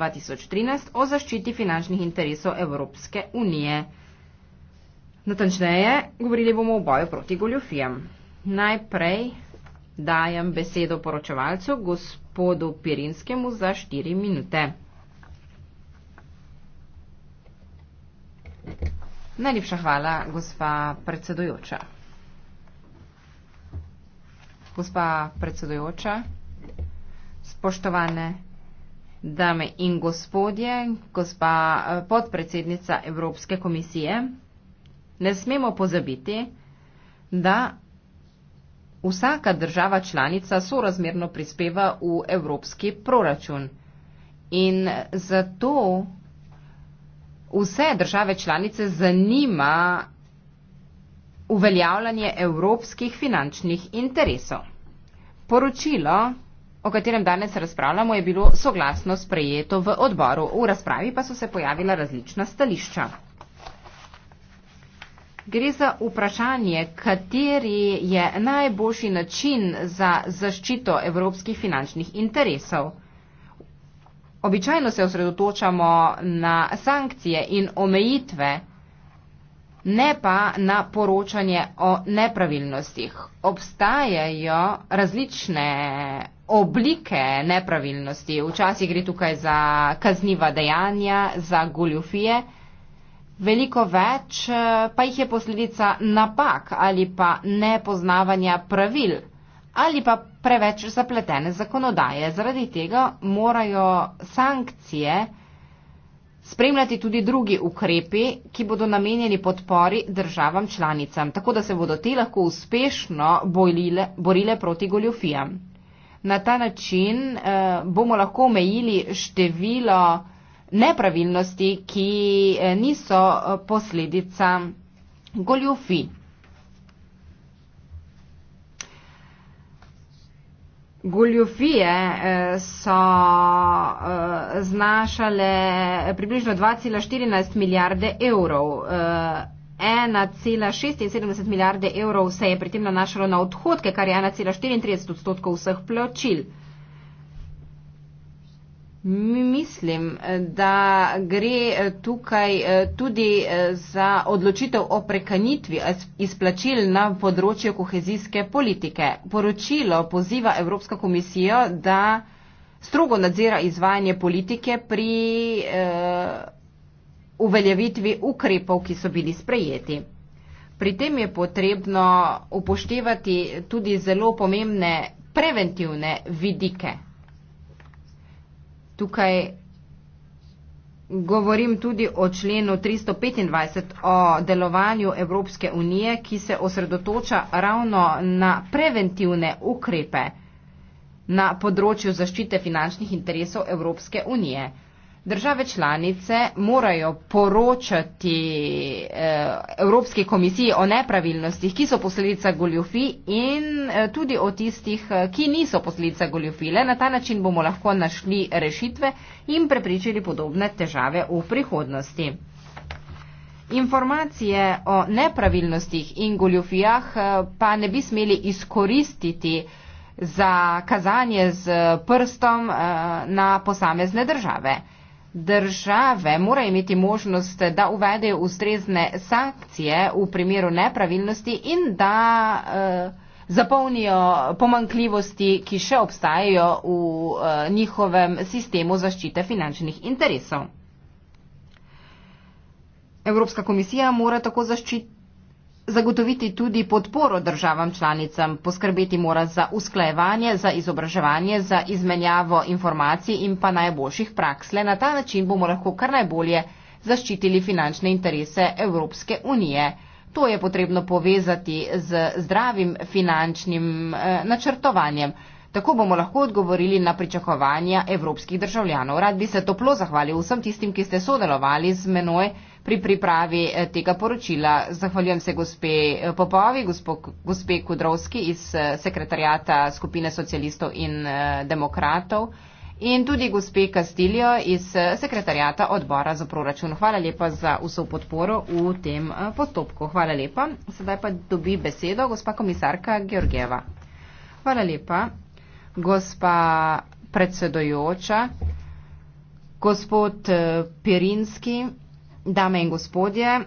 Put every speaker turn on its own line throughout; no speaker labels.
2013 o zaščiti finančnih interesov Evropske unije. Natančneje govorili bomo o boju proti goljofijam. Najprej dajem besedo poročevalcu gospodu Pirinskemu za 4 minute. Najlepša hvala, gospa predsedujoča. Gospa predsedujoča, spoštovane dame in gospodje, gospa eh, podpredsednica Evropske komisije, ne smemo pozabiti, da vsaka država članica sorazmerno prispeva v evropski proračun. In zato vse države članice zanima uveljavljanje evropskih finančnih interesov. Poročilo o katerem danes razpravljamo, je bilo soglasno sprejeto v odboru. V razpravi pa so se pojavila različna stališča. Gre za vprašanje, kateri je najboljši način za zaščito evropskih finančnih interesov. Običajno se osredotočamo na sankcije in omejitve, ne pa na poročanje o nepravilnostih. Obstajajo različne oblike nepravilnosti, včasih gre tukaj za kazniva dejanja, za goljufije, veliko več eh, pa jih je posledica napak ali pa nepoznavanja pravil ali pa preveč zapletene zakonodaje. Zaradi tega morajo sankcije spremljati tudi drugi ukrepi, ki bodo namenjeni podpori državam članicam, tako da se bodo te lahko uspešno bojile, borile proti goljofijam. Na ta način eh, bomo lahko omejili število nepravilnosti, ki eh, niso eh, posledica goljofij. Goljofije eh, so eh, znašale približno 2,14 milijarde evrov. 1,76 eh, milijarde evrov se je pri tem nanašalo na odhodke, kar je 1,34 odstotkov vseh plačil. Mislim, da gre eh, tukaj eh, tudi eh, za odločitev o prekanitvi izplačil na področju kohezijske politike. Poročilo poziva Evropsko komisijo, da strogo nadzira izvajanje politike pri uh, uveljavitvi ukrepov, ki so bili sprejeti. Pri tem je potrebno upoštevati tudi zelo pomembne preventivne vidike tukaj govorim tudi o členu 325 o delovanju Evropske unije, ki se osredotoča ravno na preventivne ukrepe na področju zaščite finančnih interesov Evropske unije države članice morajo poročati eh, Evropski komisiji o nepravilnostih, ki so posledica goljofi in eh, tudi o tistih, eh, ki niso posledica goljofi. Le na ta način bomo lahko našli rešitve in prepričali podobne težave v prihodnosti. Informacije o nepravilnostih in goljofijah pa ne bi smeli izkoristiti za kazanje z prstom na posamezne države. Države morajo imeti možnost, da uvedejo ustrezne sankcije v primeru nepravilnosti in da eh, zapolnijo pomankljivosti, ki še obstajajo v eh, njihovem sistemu zaščite finančnih interesov. Evropska komisija mora tako zaščititi zagotoviti tudi podporo državam članicam, poskrbeti mora za usklajevanje, za izobraževanje, za izmenjavo informacij in pa najboljših praks. Le na ta način bomo lahko kar najbolje zaščitili finančne interese Evropske unije. To je potrebno povezati z zdravim finančnim eh, načrtovanjem. Tako bomo lahko odgovorili na pričakovanja evropskih državljanov. Rad bi se toplo zahvalil vsem tistim, ki ste sodelovali z menoj pri pripravi eh, tega poročila. Zahvaljujem se gospe eh, Popovi, gospe Kudrovski iz eh, sekretarjata skupine socialistov in demokratov in tudi gospe Kastiljo iz sekretarjata odbora za proračun. Hvala lepa za vso podporo v tem postopku. Hvala lepa. Sedaj pa dobi besedo gospa komisarka Georgieva. Hvala lepa. Gospa predsedojoča, gospod Pirinski dame in gospodje.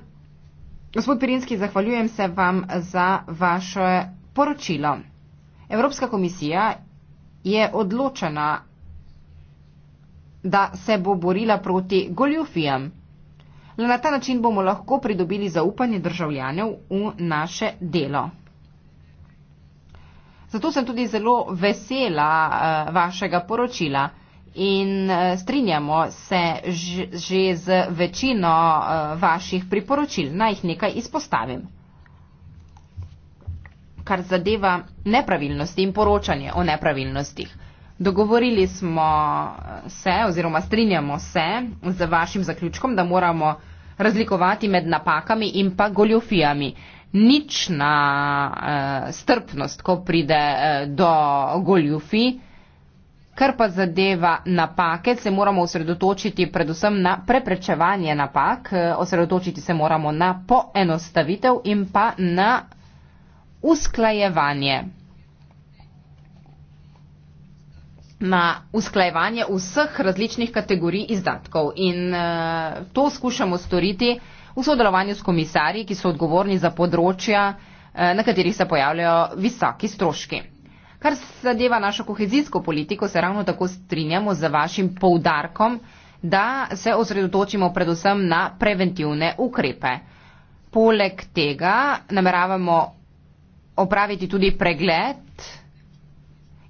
Gospod Pirinski, zahvaljujem se vam za vaše poročilo. Evropska komisija je odločena, da se bo borila proti goljufijam. Le na ta način bomo lahko pridobili zaupanje državljanov v naše delo. Zato sem tudi zelo vesela eh, vašega poročila. In e, strinjamo se že z večino e, vaših priporočil. Naj jih nekaj izpostavim. Kar zadeva nepravilnosti in poročanje o nepravilnostih. Dogovorili smo e, se oziroma strinjamo se z vašim zaključkom, da moramo razlikovati med napakami in pa goljofijami. Nična e, strpnost, ko pride e, do goljofij, Kar pa zadeva napake, se moramo osredotočiti predvsem na preprečevanje napak, eh, osredotočiti se moramo na poenostavitev in pa na usklajevanje. Na usklajevanje vseh različnih kategorij izdatkov in eh, to skušamo storiti v sodelovanju s komisarji, ki so odgovorni za področja, eh, na katerih se pojavljajo visoki stroški. Kar zadeva našo kohezijsko politiko, se ravno tako strinjamo z vašim poudarkom, da se osredotočimo predvsem na preventivne ukrepe. Poleg tega nameravamo opraviti tudi pregled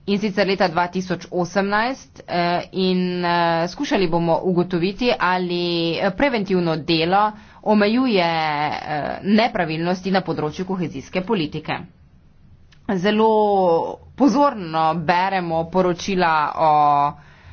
in sicer leta 2018 eh, in eh, skušali bomo ugotoviti, ali preventivno delo omejuje eh, nepravilnosti na področju kohezijske politike zelo pozorno beremo poročila o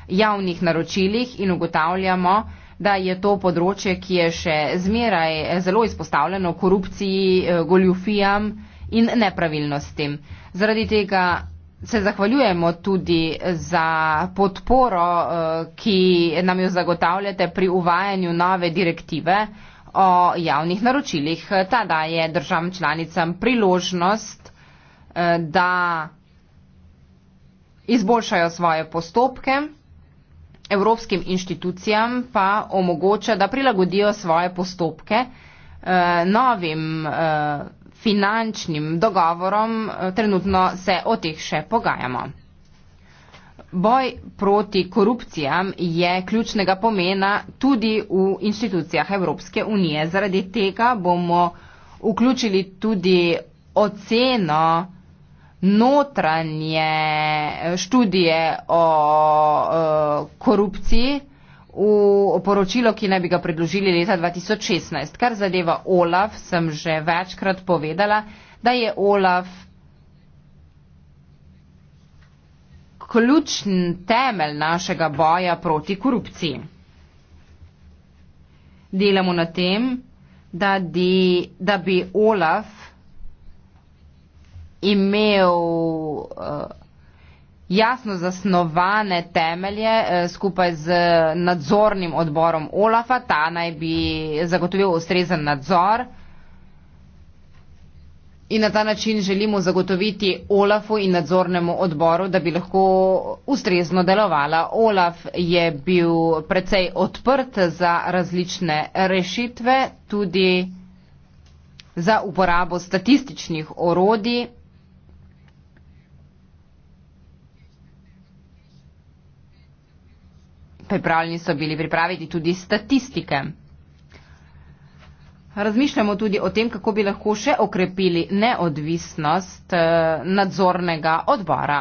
javnih naročilih in ugotavljamo, da je to področje, ki je še zmeraj zelo izpostavljeno korupciji, eh, goljufijam in nepravilnostim. Zaradi tega se zahvaljujemo tudi za podporo, eh, ki nam jo zagotavljate pri uvajanju nove direktive o javnih naročilih. Ta daje državam članicam priložnost Eh, da izboljšajo svoje postopke, evropskim inštitucijam pa omogoča, da prilagodijo svoje postopke eh, novim eh, finančnim dogovorom, trenutno se o teh še pogajamo. Boj proti korupcijam je ključnega pomena tudi v inštitucijah Evropske unije. Zaradi tega bomo vključili tudi oceno notranje študije o e, korupciji v poročilo, ki naj bi ga predložili leta 2016. Kar zadeva Olaf, sem že večkrat povedala, da je Olaf ključen temelj našega boja proti korupciji. Delamo na tem, da bi, da bi Olaf imel eh, jasno zasnovane temelje eh, skupaj z nadzornim odborom Olafa. Ta naj bi zagotovil ustrezen nadzor. In na ta način želimo zagotoviti Olafu in nadzornemu odboru, da bi lahko ustrezno delovala. Olaf je bil precej odprt za različne rešitve, tudi za uporabo statističnih orodij. pripravljeni so bili pripraviti tudi statistike. Razmišljamo tudi o tem, kako bi lahko še okrepili neodvisnost eh, nadzornega odbora.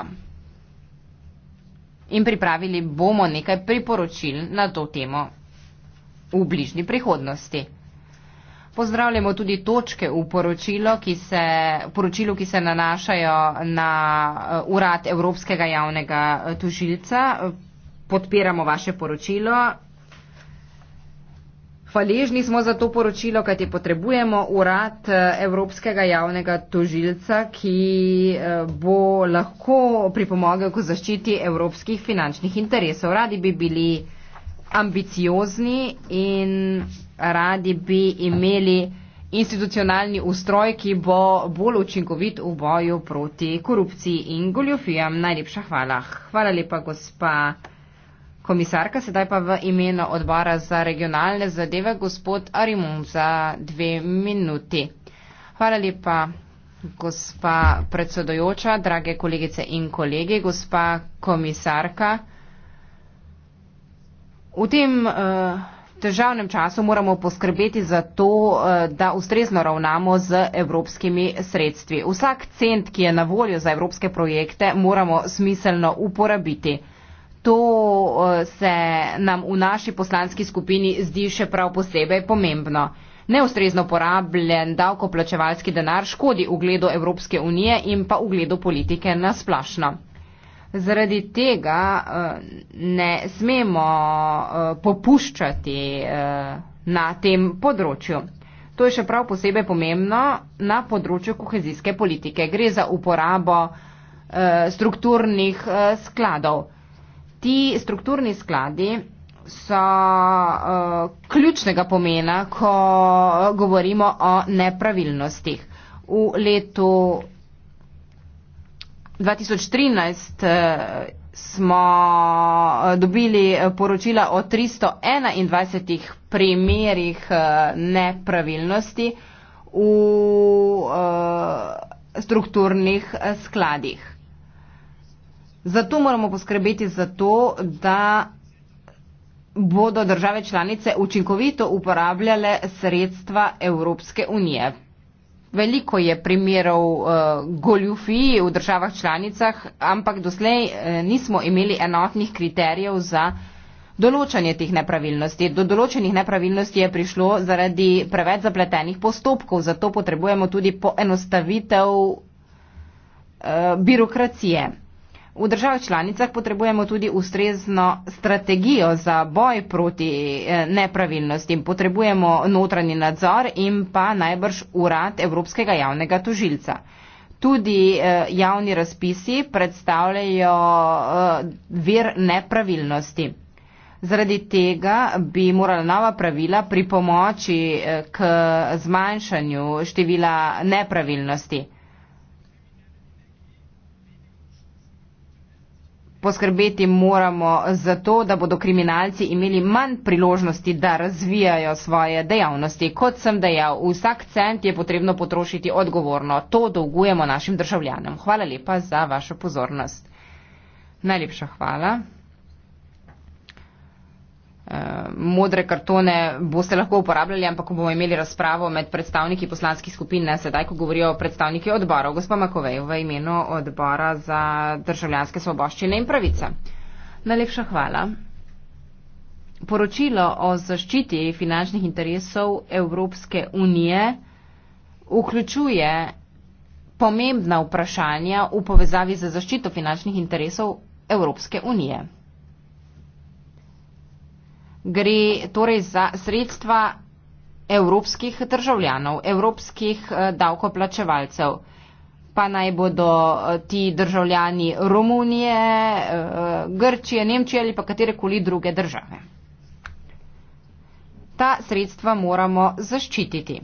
In pripravili bomo nekaj priporočil na to temo v bližnji prihodnosti. Pozdravljamo tudi točke v poročilu, ki se, poročilu, ki se nanašajo na eh, urad Evropskega javnega eh, tužilca, podpiramo vaše poročilo. Hvaležni smo za to poročilo, kajti potrebujemo urad eh, Evropskega javnega tožilca, ki eh, bo lahko pripomogel k zaščiti evropskih finančnih interesov. Radi bi bili ambiciozni in radi bi imeli institucionalni ustroj, ki bo bolj učinkovit v boju proti korupciji in goljofijam. Najlepša hvala. Hvala lepa, gospa komisarka, sedaj pa v imenu odbora za regionalne zadeve, gospod Arimun, za dve minuti. Hvala lepa, gospa predsedojoča, drage kolegice in kolegi, gospa komisarka. V tem uh, težavnem času moramo poskrbeti za to, uh, da ustrezno ravnamo z evropskimi sredstvi. Vsak cent, ki je na voljo za evropske projekte, moramo smiselno uporabiti. To eh, se nam v naši poslanski skupini zdi še prav posebej pomembno. Neustrezno porabljen davkoplačevalski denar škodi ugledu Evropske unije in pa ugledu politike nasplašno. Zaradi tega eh, ne smemo eh, popuščati na tem področju. To je še prav posebej pomembno na področju kohezijske politike. Gre za uporabo strukturnih skladov ti strukturni skladi so uh, ključnega pomena, ko govorimo o nepravilnostih. V letu 2013 uh, eh, smo eh, dobili poročila o 321 primerih nepravilnosti v strukturnih skladih. Zato moramo poskrbeti za to, da bodo države članice učinkovito uporabljale sredstva Evropske unije. Veliko je primerov uh, goljufij v državah članicah, ampak doslej uh, nismo imeli enotnih kriterijev za določanje teh nepravilnosti. Do določenih nepravilnosti je prišlo zaradi preveč zapletenih postopkov, zato potrebujemo tudi poenostavitev uh, birokracije. V državah članicah potrebujemo tudi ustrezno strategijo za boj proti eh, nepravilnostim. Potrebujemo notranji nadzor in pa najbrž urad Evropskega javnega tožilca. Tudi eh, javni razpisi predstavljajo eh, vir nepravilnosti. Zaradi tega bi morala nova pravila pri pomoči k zmanjšanju števila nepravilnosti. poskrbeti moramo za to, da bodo kriminalci imeli manj priložnosti, da razvijajo svoje dejavnosti. Kot sem dejal, vsak cent je potrebno potrošiti odgovorno. To dolgujemo našim državljanom. Hvala lepa za vašo pozornost. Najlepša hvala modre kartone boste lahko uporabljali, ampak ko bomo imeli razpravo med predstavniki poslanskih skupin, ne sedaj, ko govorijo predstavniki odborov, gospod Makovej, v imenu odbora za državljanske svoboščine in pravice. Najlepša hvala. Poročilo o zaščiti finančnih interesov Evropske unije vključuje pomembna vprašanja v povezavi z zaščito finančnih interesov Evropske unije gre torej za sredstva evropskih državljanov, evropskih eh, davkoplačevalcev. Pa naj bodo eh, ti državljani Romunije, eh, Grčije, Nemčije ali pa katerekoli druge države. Ta sredstva moramo zaščititi.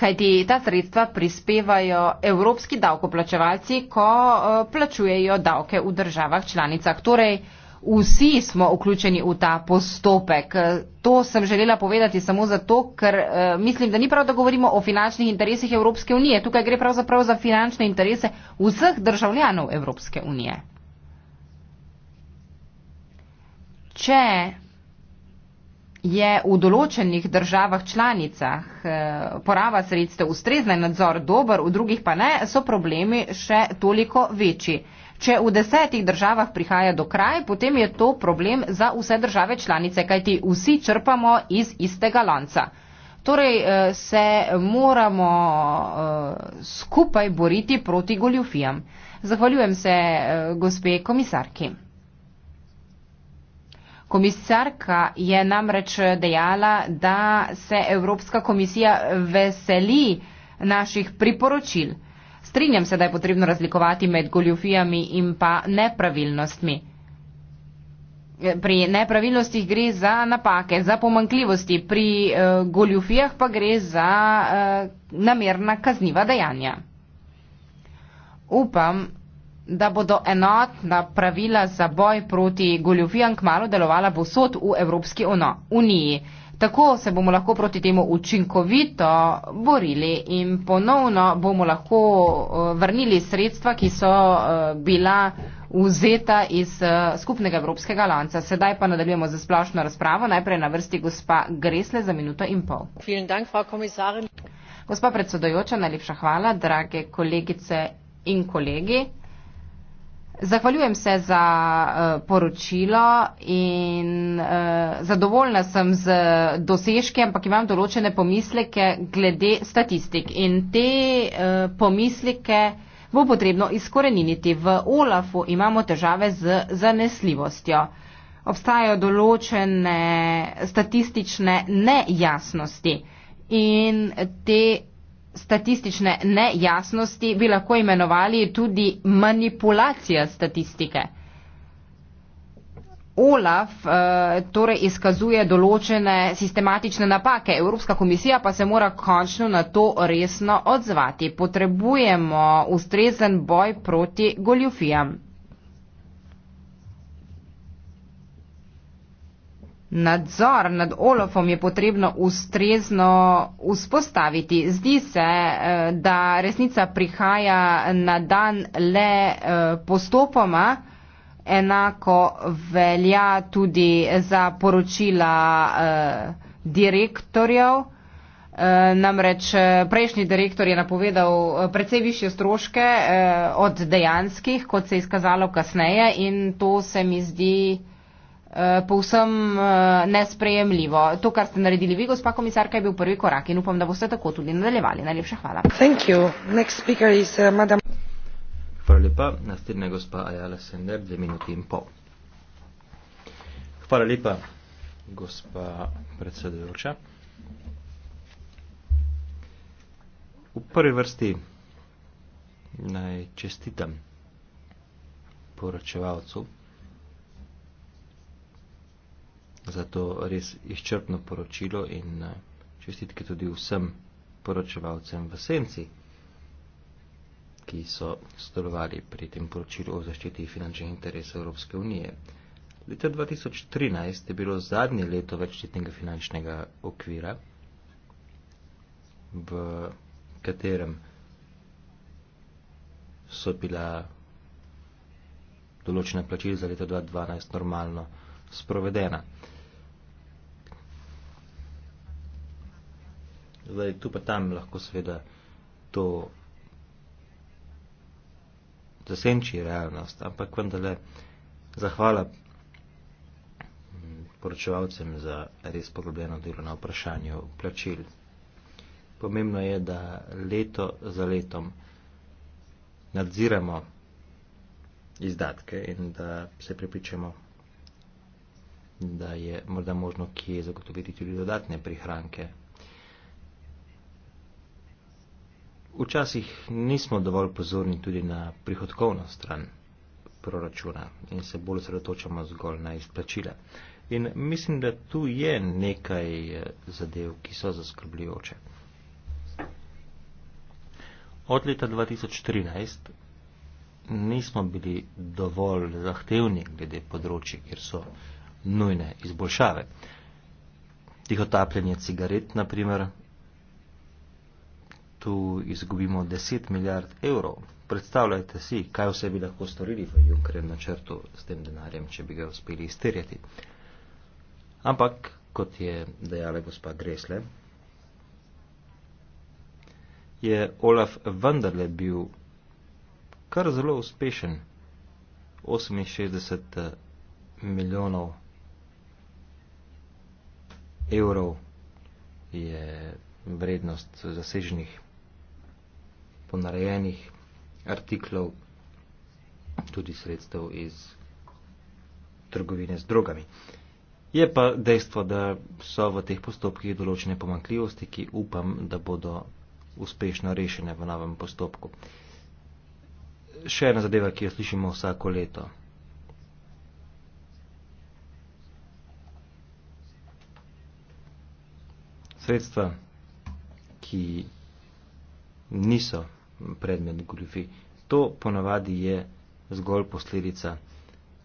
kajti ta sredstva prispevajo evropski davkoplačevalci, ko eh, plačujejo davke v državah članicah. Torej, vsi smo vključeni v ta postopek. To sem želela povedati samo zato, ker eh, mislim, da ni prav, da govorimo o finančnih interesih Evropske unije. Tukaj gre pravzaprav za finančne interese vseh državljanov Evropske unije. Če je v določenih državah članicah eh, poraba sredstev ustrezna in nadzor dober, v drugih pa ne, so problemi še toliko večji. Če v desetih državah prihaja do kraj, potem je to problem za vse države članice, kajti vsi črpamo iz istega lonca. Torej eh, se moramo eh, skupaj boriti proti goljufijam. Zahvaljujem se gospe komisarki. Komisarka je namreč dejala, da se Evropska komisija veseli naših priporočil. Strinjam se, da je potrebno razlikovati med goljufijami in pa nepravilnostmi. Pri nepravilnostih gre za napake, za pomankljivosti, pri uh, goljufijah pa gre za uh, namerna kazniva dejanja. Upam, da bodo enotna pravila za boj proti goljofijam kmalo delovala posod v Evropski uniji. Tako se bomo lahko proti temu učinkovito borili in ponovno bomo lahko eh, vrnili sredstva, ki so eh, bila vzeta iz eh, skupnega evropskega lanca. Sedaj pa nadaljujemo za splošno razpravo. Najprej na vrsti gospa Gresle za minuto in pol. Dank, gospa predsedojoča, najlepša hvala, drage kolegice in kolegi. Zahvaljujem se za uh, poročilo in uh, zadovoljna sem z dosežke, ampak imam določene pomisleke glede statistik in te uh, pomisleke bo potrebno izkoreniniti. V OLAF-u imamo težave z zanesljivostjo. Obstajajo določene statistične nejasnosti in te statistične nejasnosti bi lahko imenovali tudi manipulacija statistike. OLAF eh, torej izkazuje določene sistematične napake. Evropska komisija pa se mora končno na to resno odzvati. Potrebujemo ustrezen boj proti goljufijam. nadzor nad Olofom je potrebno ustrezno vzpostaviti. Zdi se, eh, da resnica prihaja na dan le eh, postopoma, enako velja tudi za poročila eh, direktorjev. Namreč prejšnji direktor je napovedal precej više stroške od dejanskih, kot se je izkazalo kasneje in to se mi zdi Eh, povsem eh, nesprejemljivo. To, kar ste naredili vi, gospa komisarka, je bil prvi korak in upam, da boste tako tudi nadaljevali. Najlepša hvala. Eh,
hvala lepa. Naslednja gospa Ajala Sender, dve minuti in pol. Hvala lepa, gospa predsedujoča. V prvi vrsti naj čestitam poročevalcu za to res izčrpno poročilo in eh, čestitke tudi vsem poročevalcem v Senci, ki so sodelovali pri tem poročilu o zaščiti finančnih interesov Evropske unije. Leta 2013 je bilo zadnje leto večletnega finančnega okvira, v katerem so bila določena plačila za leto 2012 normalno sprovedena. Zdaj, tu pa tam lahko seveda to zasenči realnost, ampak vendarle zahvala mm, poročevalcem za res poglobljeno delo na vprašanju plačil. Pomembno je, da leto za letom nadziramo izdatke in da se pripričamo, da je morda možno kje zagotoviti tudi dodatne prihranke. Včasih nismo dovolj pozorni tudi na prihodkovno stran proračuna in se bolj sredotočamo zgolj na izplačila. In mislim, da tu je nekaj eh, zadev, ki so zaskrbljujoče. Od leta 2013 nismo bili dovolj zahtevni glede področji, kjer so nujne izboljšave. Tihotapljanje cigaret, na primer, tu izgubimo 10 milijard evrov. Predstavljajte si, kaj vse bi lahko storili v Junkerjem načrtu s tem denarjem, če bi ga uspeli izterjati. Ampak, kot je dejala gospa Gresle, je Olaf vendarle bil kar zelo uspešen. 68 eh, milijonov evrov je vrednost zaseženih ponarejenih artiklov, tudi sredstev iz trgovine z drogami. Je pa dejstvo, da so v teh postopkih določene pomankljivosti, ki upam, da bodo uspešno rešene v novem postopku. Še ena zadeva, ki jo slišimo vsako leto. Sredstva, ki niso predmet goljufij. To ponavadi je zgolj posledica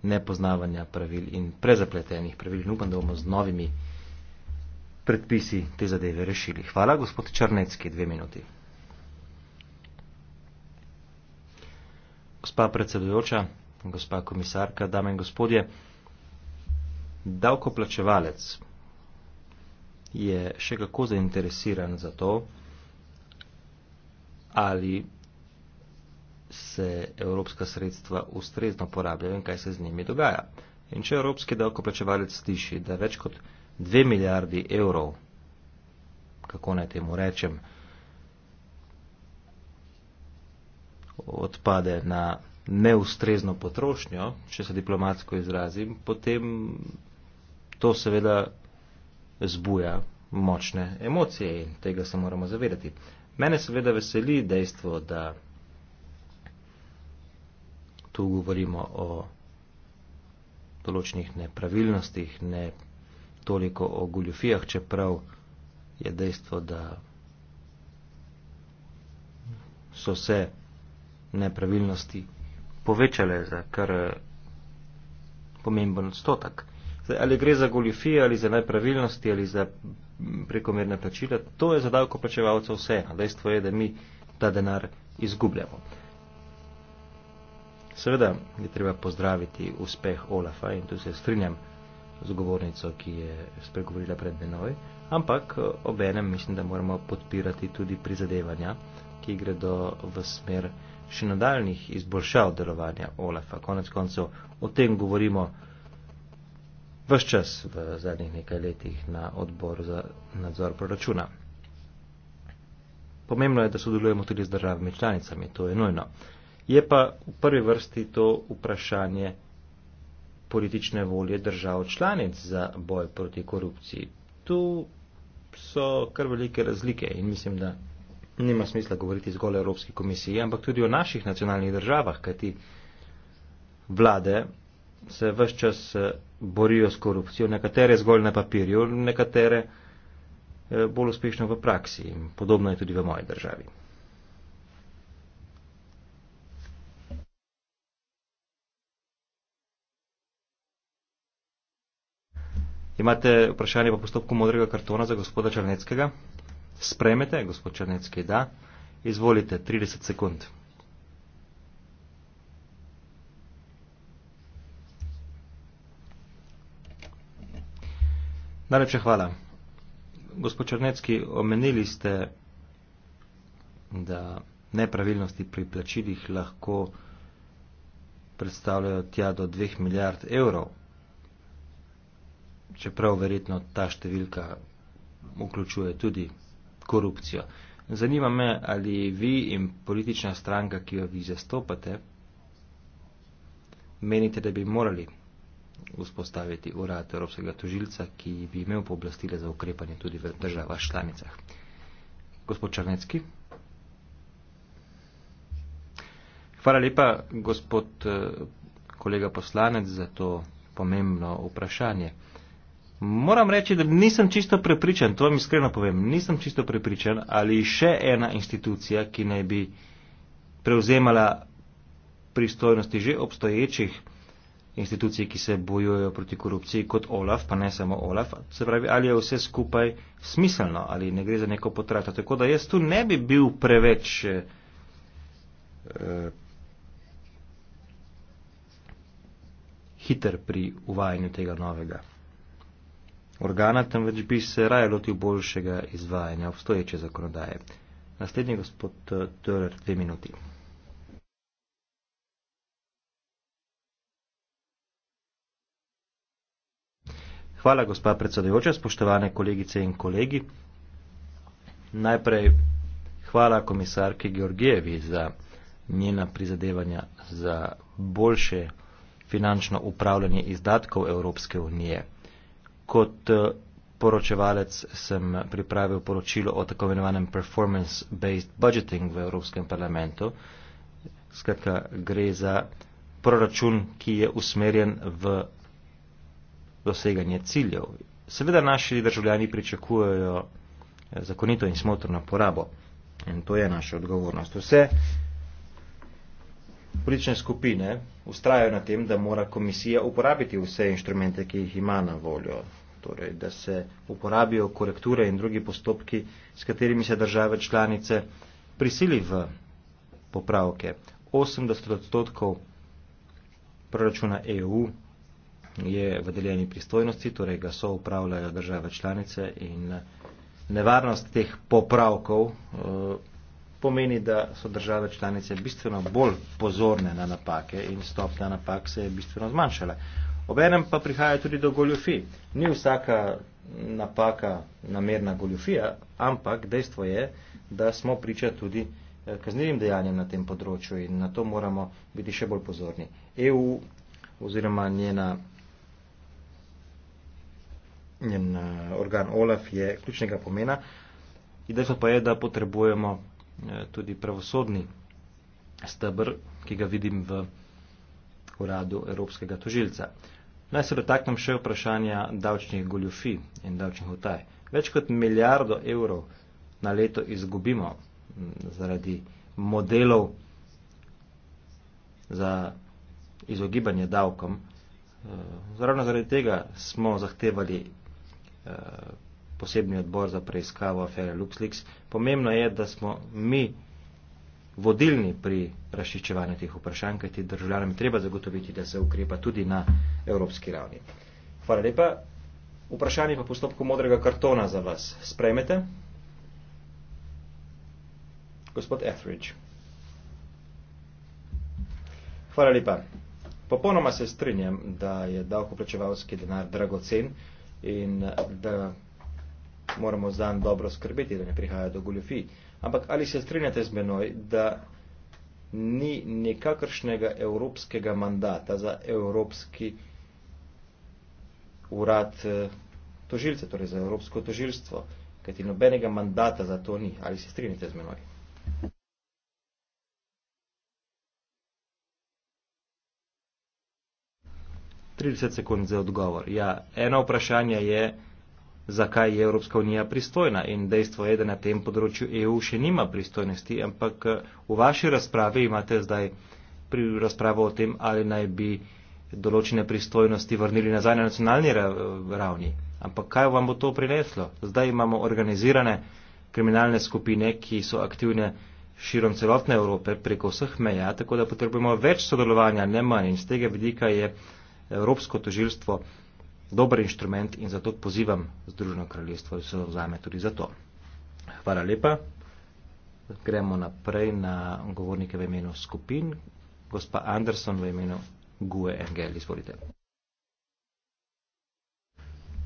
nepoznavanja pravil in prezapletenih pravil. In upam, da bomo z novimi predpisi te zadeve rešili. Hvala, gospod Črnecki, dve minuti. Gospa predsedujoča, gospa komisarka, dame in gospodje, davkoplačevalec je še kako zainteresiran za to, ali se evropska sredstva ustrezno porabljajo in kaj se z njimi dogaja. In če evropski davkoplačevalec sliši, da več kot 2 milijardi evrov, kako naj temu rečem, odpade na neustrezno potrošnjo, če se diplomatsko izrazim, potem to seveda zbuja močne emocije in tega se moramo zavedati. Mene seveda veseli dejstvo, da tu govorimo o določenih nepravilnostih, ne toliko o guljofijah, čeprav je dejstvo, da so se nepravilnosti povečale za kar eh, pomemben odstotek. Zdaj, ali gre za goljofije, ali za nepravilnosti, ali za prekomerne plačila. To je za davkoplačevalce vse. Dejstvo je, da mi ta denar izgubljamo. Seveda je treba pozdraviti uspeh Olafa in tu se strinjam z govornico, ki je spregovorila pred menoj, ampak eh, obenem mislim, da moramo podpirati tudi prizadevanja, ki gredo v smer še nadaljnih izboljšav delovanja Olafa. Konec koncev o tem govorimo vse čas v zadnjih nekaj letih na odboru za nadzor proračuna. Pomembno je, da sodelujemo tudi z državami članicami, to je nujno. Je pa v prvi vrsti to vprašanje politične volje držav članic za boj proti korupciji. Tu so kar velike razlike in mislim, da nima smisla govoriti zgolj o Evropski komisiji, ampak tudi o naših nacionalnih državah, kajti vlade se vse čas eh, borijo s korupcijo, nekatere zgolj na papirju, nekatere eh, bolj uspešno v praksi. Podobno je tudi v moji državi. Imate vprašanje po postopku modrega kartona za gospoda Črneckega? Spremete, gospod Črnecki, da. Izvolite, 30 sekund. Najlepša hvala. Gospod Črnecki, omenili ste, da nepravilnosti pri plačilih lahko predstavljajo tja do 2 milijard evrov, čeprav verjetno ta številka vključuje tudi korupcijo. Zanima me, ali vi in politična stranka, ki jo vi zastopate, menite, da bi morali vzpostaviti urad Evropskega tožilca, ki bi imel pooblastile za ukrepanje tudi v državah članicah. Gospod Črnecki. Hvala lepa, gospod eh, kolega poslanec, za to pomembno vprašanje. Moram reči, da nisem čisto prepričan, to vam iskreno povem, nisem čisto prepričan, ali še ena institucija, ki naj bi prevzemala pristojnosti že obstoječih institucije, ki se bojujejo proti korupciji, kot OLAF, pa ne samo OLAF. Se pravi, ali je vse skupaj smiselno, ali ne gre za neko potrato. Tako da jaz tu ne bi bil preveč. Eh, hiter pri uvajanju tega novega organa, temveč bi se raje lotil boljšega izvajanja obstoječe zakonodaje. Naslednji gospod eh, Törer, dve minuti. Hvala, gospa predsedojoča, spoštovane kolegice in kolegi. Najprej hvala komisarki Georgijevi za njena prizadevanja za boljše finančno upravljanje izdatkov Evropske unije. Kot eh, poročevalec sem pripravil poročilo o tako imenovanem performance-based budgeting v Evropskem parlamentu. Skratka, gre za proračun, ki je usmerjen v doseganje ciljev. Seveda naši državljani pričakujejo eh, zakonito in smotrno porabo in to je naša odgovornost. Vse politične skupine ustrajajo na tem, da mora komisija uporabiti vse inštrumente, ki jih ima na voljo, torej da se uporabijo korekture in drugi postopki, s katerimi se države članice prisili v popravke. 80 odstotkov proračuna EU je v deljeni pristojnosti, torej ga so upravljajo države članice in nevarnost teh popravkov eh, pomeni, da so države članice bistveno bolj pozorne na napake in stopnja napak se je bistveno zmanjšala. Obenem pa prihaja tudi do goljufi. Ni vsaka napaka namerna goljufija, ampak dejstvo je, da smo priča tudi eh, kaznivim dejanjem na tem področju in na to moramo biti še bolj pozorni. EU oziroma njena njen eh, organ OLAF je ključnega pomena. Idejstvo pa je, da potrebujemo eh, tudi pravosodni stebr, ki ga vidim v uradu Evropskega tožilca. Naj se dotaknem še vprašanja davčnih goljufi in davčnih utaj. Več kot milijardo evrov na leto izgubimo zaradi modelov za izogibanje davkom. Zaravno eh, zaradi tega smo zahtevali Eh, posebni odbor za preiskavo afere LuxLeaks. Pomembno je, da smo mi vodilni pri razšičevanju teh vprašanj, kajti državljanom treba zagotoviti, da se ukrepa tudi na evropski ravni. Hvala lepa. Vprašanje pa postopku modrega kartona za vas. Sprejmete? Gospod Etheridge. Hvala lepa. Popolnoma se strinjam, da je davkoplačevalski denar dragocen in da moramo zanj dobro skrbeti, da ne prihaja do goljofij. Ampak ali se strinjate z menoj, da ni nekakršnega evropskega mandata za evropski urad eh, tožilce, torej za evropsko tožilstvo, kajti nobenega mandata za to ni. Ali se strinjate z menoj? 30 sekund za odgovor. Ja, eno vprašanje je, zakaj je Evropska unija pristojna in dejstvo je, da na tem področju EU še nima pristojnosti, ampak eh, v vaši razpravi imate zdaj pri razpravo o tem, ali naj bi določene pristojnosti vrnili nazaj na nacionalni eh, ravni. Ampak kaj vam bo to prineslo? Zdaj imamo organizirane kriminalne skupine, ki so aktivne širom celotne Evrope preko vseh meja, tako da potrebujemo več sodelovanja, ne manj. In z tega vidika je Evropsko toživstvo dober inštrument in zato pozivam Združeno kraljestvo, da se vzame tudi za to. Hvala lepa. Gremo naprej na govornike v imenu skupin. Gospa Anderson v imenu GUE NGL, izvolite.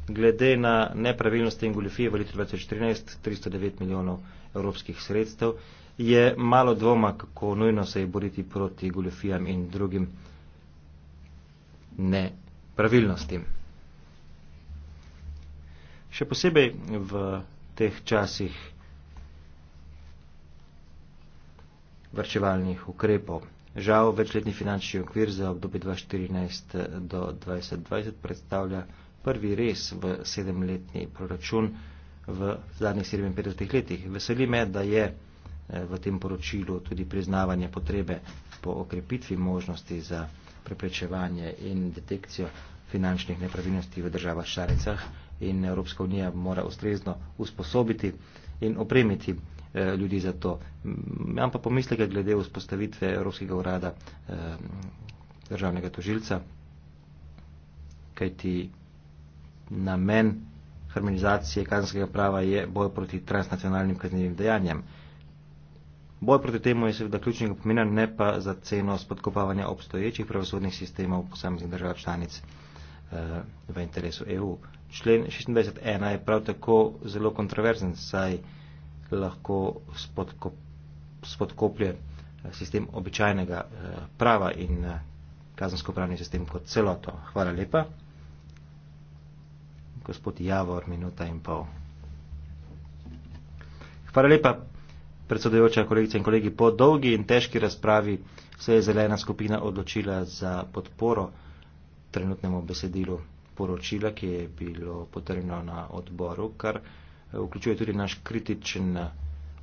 Glede na nepravilnosti in goljofije v letu 2014, 309 milijonov evropskih sredstev, je malo dvoma, kako nujno se je boriti proti goljofijam in drugim nepravilnosti. Še posebej v teh časih vrčevalnih ukrepov. Žal večletni finančni okvir za obdobje 2014 do 2020 predstavlja prvi res v sedemletni proračun v zadnjih 57 letih. Veseli me, da je eh, v tem poročilu tudi priznavanje potrebe po okrepitvi možnosti za preprečevanje in detekcijo finančnih nepravilnosti v državah šaricah in Evropska unija mora ustrezno usposobiti in opremiti eh, ljudi za to. Imam pa pomisleke glede vzpostavitve Evropskega urada eh, državnega tožilca, kajti namen harmonizacije kazenskega prava je boj proti transnacionalnim kaznivim dejanjem. Boj proti temu je seveda ključnega pomena, ne pa za ceno spodkopavanja obstoječih pravosodnih sistemov posameznih držav članic eh, v interesu EU. Člen 26.1 je prav tako zelo kontroverzen, saj lahko spodko, spodkoplje eh, sistem običajnega eh, prava in kazensko-pravni sistem kot celoto. Hvala lepa. Gospod Javor, minuta in pol. Hvala lepa predsedujoča, kolegice in kolegi, po dolgi in težki razpravi se je zelena skupina odločila za podporo trenutnemu besedilu poročila, ki je bilo potrjeno na odboru, kar eh, vključuje tudi naš kritičen eh,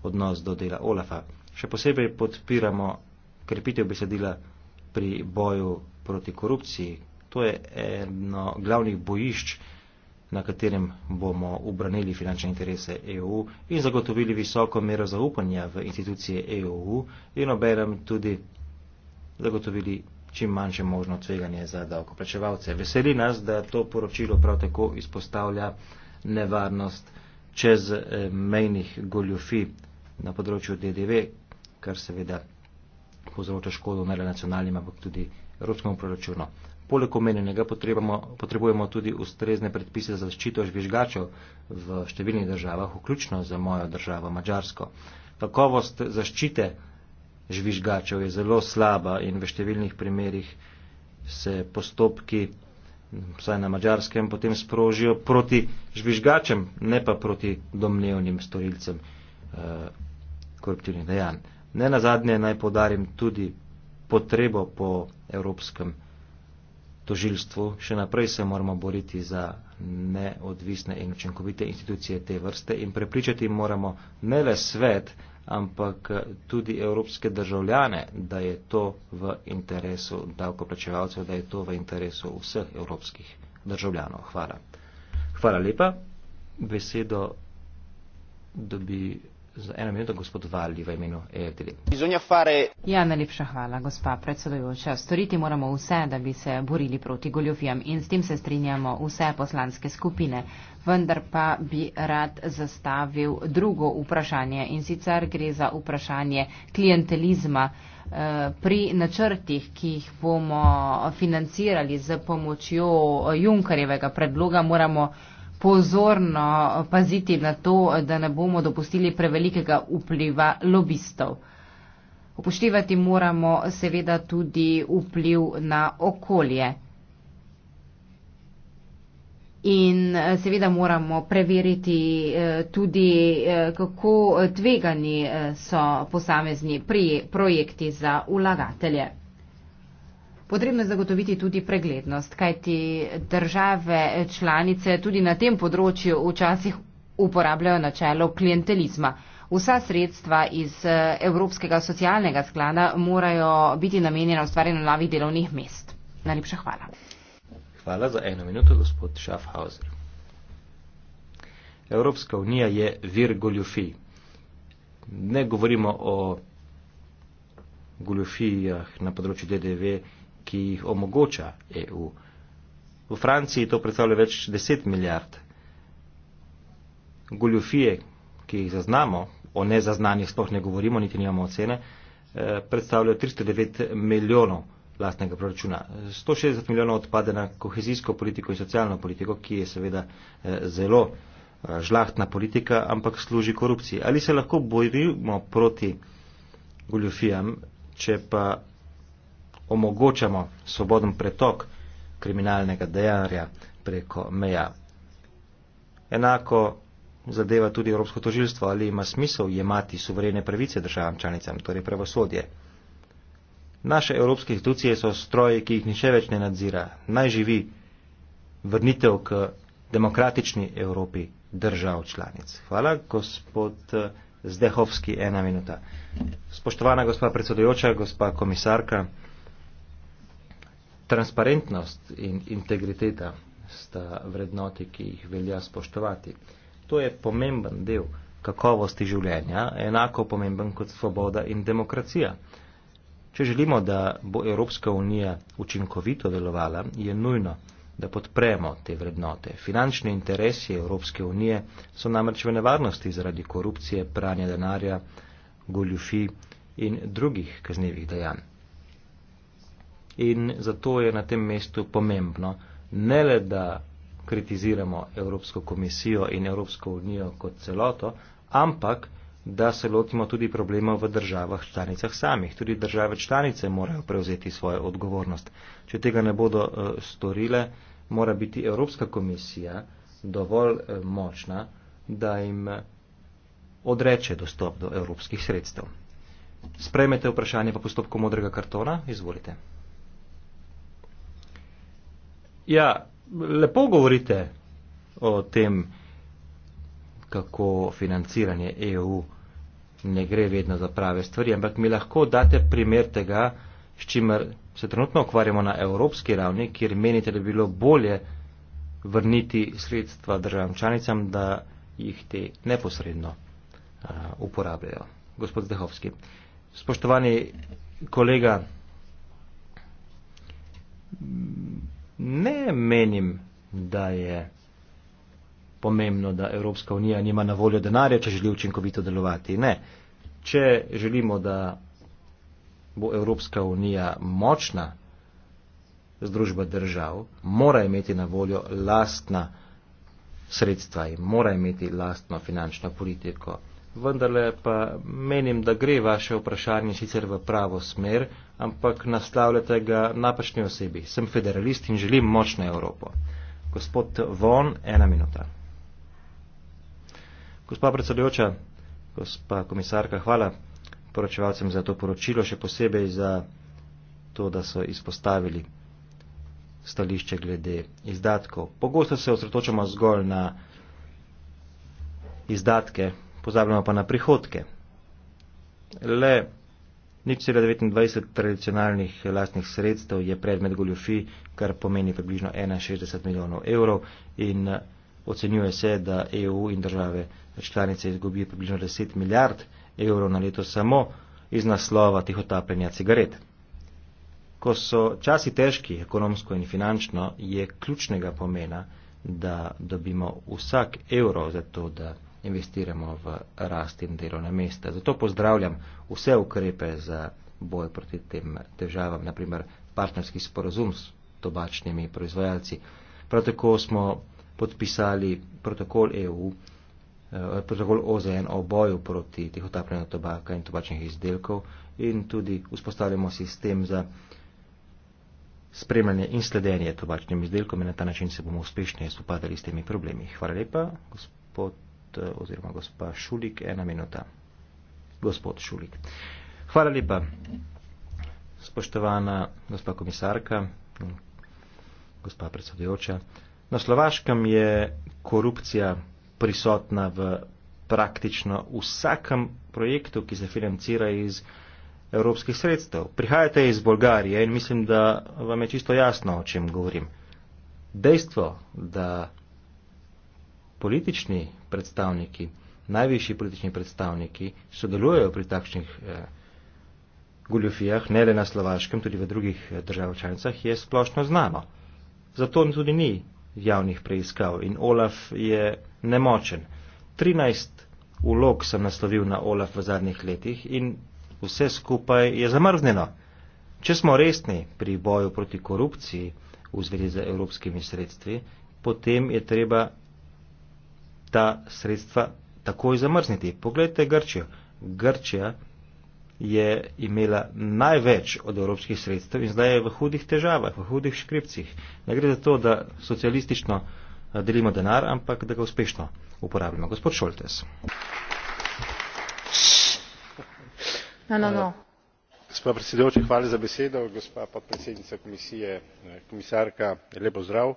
odnos do dela OLAFA. Še posebej podpiramo krepitev besedila pri boju proti korupciji. To je eno glavnih bojišč, na katerem bomo obranili finančne interese EU in zagotovili visoko mero zaupanja v institucije EU in obenem tudi zagotovili čim manjše možno tveganje za davkoplačevalce. Veseli nas, da to poročilo prav tako izpostavlja nevarnost čez eh, mejnih goljofi na področju DDV, kar seveda povzroča škodo ne le nacionalnim, ampak tudi evropskemu proračunu. Poleg omenjenega potrebujemo tudi ustrezne predpise za zaščito žvižgačev v številnih državah, vključno za mojo državo Mačarsko. Kakovost zaščite žvižgačev je zelo slaba in v številnih primerjih se postopki, vsaj na mačarskem, potem sprožijo proti žvižgačem, ne pa proti domnevnim storilcem eh, koruptivnih dejanj. Ne na zadnje naj podarim tudi potrebo po evropskem tožilstvu. Še naprej se moramo boriti za neodvisne in učinkovite institucije te vrste in prepričati moramo ne le svet, ampak tudi evropske državljane, da je to v interesu davkoplačevalcev, da je to v interesu vseh evropskih državljanov. Hvala. Hvala lepa. Besedo dobi. Be Z eno minuto, gospod Valji, v imenu EFTD.
Bisogna fare. Ja, najlepša hvala, gospa predsedujoča. Storiti moramo vse, da bi se borili proti goljofijam in s tem se strinjamo vse poslanske skupine. Vendar pa bi rad zastavil drugo vprašanje in sicer gre za vprašanje klientelizma. Eh, pri načrtih, ki jih bomo financirali z pomočjo Junkarjevega predloga, moramo pozorno paziti na to, da ne bomo dopustili prevelikega vpliva lobistov. Upoštevati moramo seveda tudi vpliv na okolje. In eh, seveda moramo preveriti eh, tudi, eh, kako tvegani so posamezni projekti za ulagatelje potrebno je zagotoviti tudi preglednost, kajti države članice tudi na tem področju včasih uporabljajo načelo klientelizma. Vsa sredstva iz eh, Evropskega socialnega sklada morajo biti namenjena ustvarjanju novih delovnih mest. Najlepša hvala.
Hvala za eno minuto, gospod Schaffhauser. Evropska unija je vir goljufij. Ne govorimo o goljufijah na področju DDV ki jih omogoča EU. V Franciji to predstavlja več deset milijard. Goljufije, ki jih zaznamo, o nezaznanjih sploh ne govorimo, niti nimamo ocene, eh, predstavljajo 309 milijonov lastnega proračuna. 160 milijonov odpade na kohezijsko politiko in socialno politiko, ki je seveda eh, zelo eh, žlahtna politika, ampak služi korupciji. Ali se lahko borimo proti goljufijam, če pa omogočamo svoboden pretok kriminalnega dejanja preko meja. Enako zadeva tudi Evropsko tožilstvo, ali ima smisel jemati suverene pravice državam članicam, torej pravosodje. Naše evropske institucije so stroje, ki jih niče več ne nadzira. Naj živi vrnitev k demokratični Evropi držav članic. Hvala, gospod eh, Zdehovski, ena minuta. Spoštovana gospa predsedujoča, gospa komisarka transparentnost in integriteta sta vrednoti, ki jih velja spoštovati. To je pomemben del kakovosti življenja, enako pomemben kot svoboda in demokracija. Če želimo, da bo Evropska unija učinkovito delovala, je nujno, da podpremo te vrednote. Finančni interesi Evropske unije so namreč v nevarnosti zaradi korupcije, pranja denarja, goljufi in drugih kaznevih dejanj. In zato je na tem mestu pomembno, ne le da kritiziramo Evropsko komisijo in Evropsko unijo kot celoto, ampak da se lotimo tudi problema v državah članicah samih. Tudi države članice morajo prevzeti svojo odgovornost. Če tega ne bodo uh, storile, mora biti Evropska komisija dovolj uh, močna, da jim eh, odreče dostop do evropskih sredstev. Sprejmete vprašanje po postopku modrega kartona? Izvolite. Ja, lepo govorite o tem, kako financiranje EU ne gre vedno za prave stvari, ampak mi lahko date primer tega, s čimer se trenutno ukvarjamo na evropski ravni, kjer menite, da bi bilo bolje vrniti sredstva državam članicam, da jih te neposredno a, uporabljajo. Gospod Zdehovski, spoštovani kolega, ne menim, da je pomembno, da Evropska unija nima na voljo denarja, če želi učinkovito delovati. Ne. Če želimo, da bo Evropska unija močna združba držav, mora imeti na voljo lastna sredstva in mora imeti lastno finančno politiko. Vendarle pa menim, da gre vaše vprašanje sicer v pravo smer, ampak naslavljate ga napačni osebi. Sem federalist in želim močno Evropo. Gospod Von, ena minuta. Gospa predsedujoča, gospa komisarka, hvala poročevalcem za to poročilo, še posebej za to, da so izpostavili stališče glede izdatkov. Pogosto se osredotočamo zgolj na izdatke, pozabljamo pa na prihodke. Le Nič cela 29 tradicionalnih lastnih sredstev je predmet goljofi, kar pomeni približno 61 milijonov evrov in eh, ocenjuje se, da EU in države članice izgubijo približno 10 milijard evrov na leto samo iz naslova tih otapljanja cigaret. Ko so časi težki, ekonomsko in finančno, je ključnega pomena, da dobimo vsak evro za to, da investiramo v rast in delovna mesta. Zato pozdravljam vse ukrepe za boj proti tem težavam, naprimer partnerski sporozum s tobačnimi proizvajalci. Prav tako smo podpisali protokol EU, eh, protokol OZN o boju proti tihotapljanju tobaka in tobačnih izdelkov in tudi vzpostavljamo sistem za spremljanje in sledenje tobačnim izdelkom in na ta način se bomo uspešneje spopadali s temi problemi. Hvala lepa, gospod Eh, oziroma gospa Šulik, ena minuta. Gospod Šulik. Hvala lepa, spoštovana gospa komisarka, gospa predsedujoča. Na Slovaškem je korupcija prisotna v praktično vsakem projektu, ki se financira iz evropskih sredstev. Prihajate iz Bolgarije in mislim, da vam je čisto jasno, o čem govorim. Dejstvo, da politični predstavniki, najvišji politični predstavniki sodelujejo pri takšnih eh, goljofijah, ne le na Slovaškem, tudi v drugih eh, državčanicah, je splošno znano. Zato tudi ni javnih preiskav in Olaf je nemočen. 13 ulog sem naslovil na Olaf v zadnjih letih in vse skupaj je zamrzneno. Če smo resni pri boju proti korupciji v zvezi z evropskimi sredstvi, potem je treba ta sredstva takoj zamrzniti. Poglejte Grčijo. Grčija je imela največ od evropskih sredstev in zdaj je v hudih težavah, v hudih škripcih. Ne gre za to, da socialistično eh, delimo denar, ampak da ga uspešno uporabljamo. Gospod Šoltes.
No, no, no. Eh,
gospa predsedujoča, hvala za besedo. Gospa podpredsednica komisije, eh, komisarka, lepo zdrav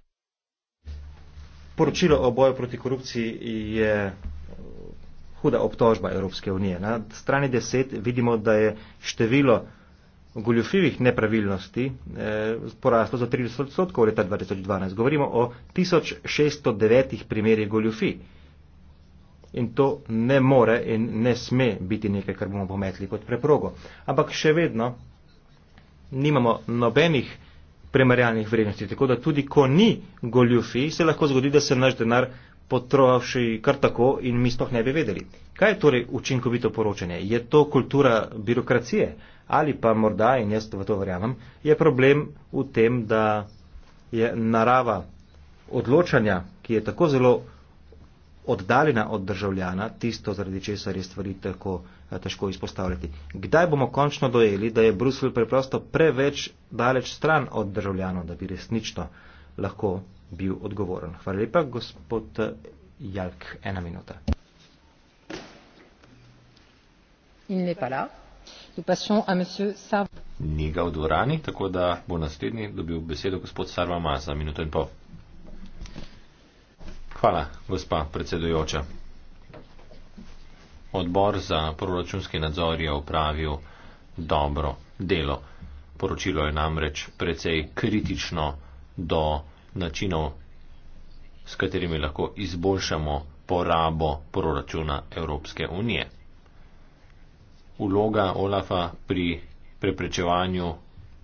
poročilo o boju proti korupciji je eh, huda obtožba Evropske unije. Na strani 10 vidimo, da je število goljufivih nepravilnosti eh, poraslo za 30 odstotkov leta 2012. Govorimo o 1609 primerih goljufij. In to ne more in ne sme biti nekaj, kar bomo pometli kot preprogo. Ampak še vedno nimamo nobenih primerjalnih vrednosti. Tako da tudi, ko ni goljufi, se lahko zgodi, da se naš denar potrošil kar tako in mi sploh ne bi vedeli. Kaj je torej učinkovito poročanje? Je to kultura birokracije? Ali pa morda, in jaz v to verjamem, je problem v tem, da je narava odločanja, ki je tako zelo oddaljena od državljana, tisto zaradi česar je stvari tako eh, težko izpostavljati. Kdaj bomo končno dojeli, da je Bruselj preprosto preveč daleč stran od državljanov, da bi resnično lahko bil odgovoren? Hvala lepa,
gospod eh, Jalk, ena minuta. In ne pa la. Ni ga v dvorani, tako da bo naslednji dobil besedo gospod Sarva Maza, minuto in pol. Hvala, gospa predsedujoča. Odbor za proračunski nadzor je upravil dobro delo. Poročilo je namreč precej kritično do načinov, s katerimi lahko izboljšamo porabo proračuna Evropske unije. Uloga Olafa pri preprečevanju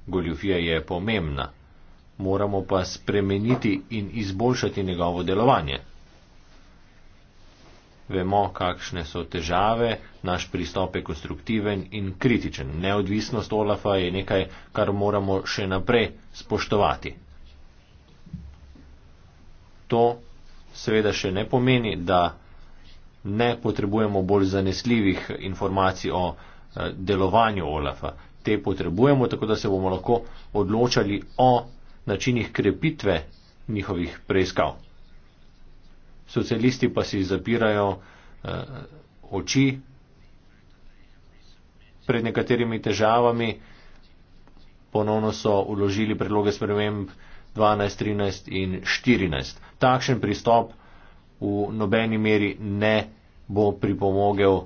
goljufije je pomembna moramo pa spremeniti in izboljšati njegovo delovanje. Vemo, kakšne so težave, naš pristop je konstruktiven in kritičen. Neodvisnost Olafa je nekaj, kar moramo še naprej spoštovati. To seveda še ne pomeni, da ne potrebujemo bolj zanesljivih informacij o eh, delovanju Olafa. Te potrebujemo, tako da se bomo lahko odločali o načinih krepitve njihovih preiskav. Socialisti pa si zapirajo eh, oči pred nekaterimi težavami, ponovno so uložili predloge sprememb 12, 13 in 14. Takšen pristop v nobeni meri ne bo pripomogel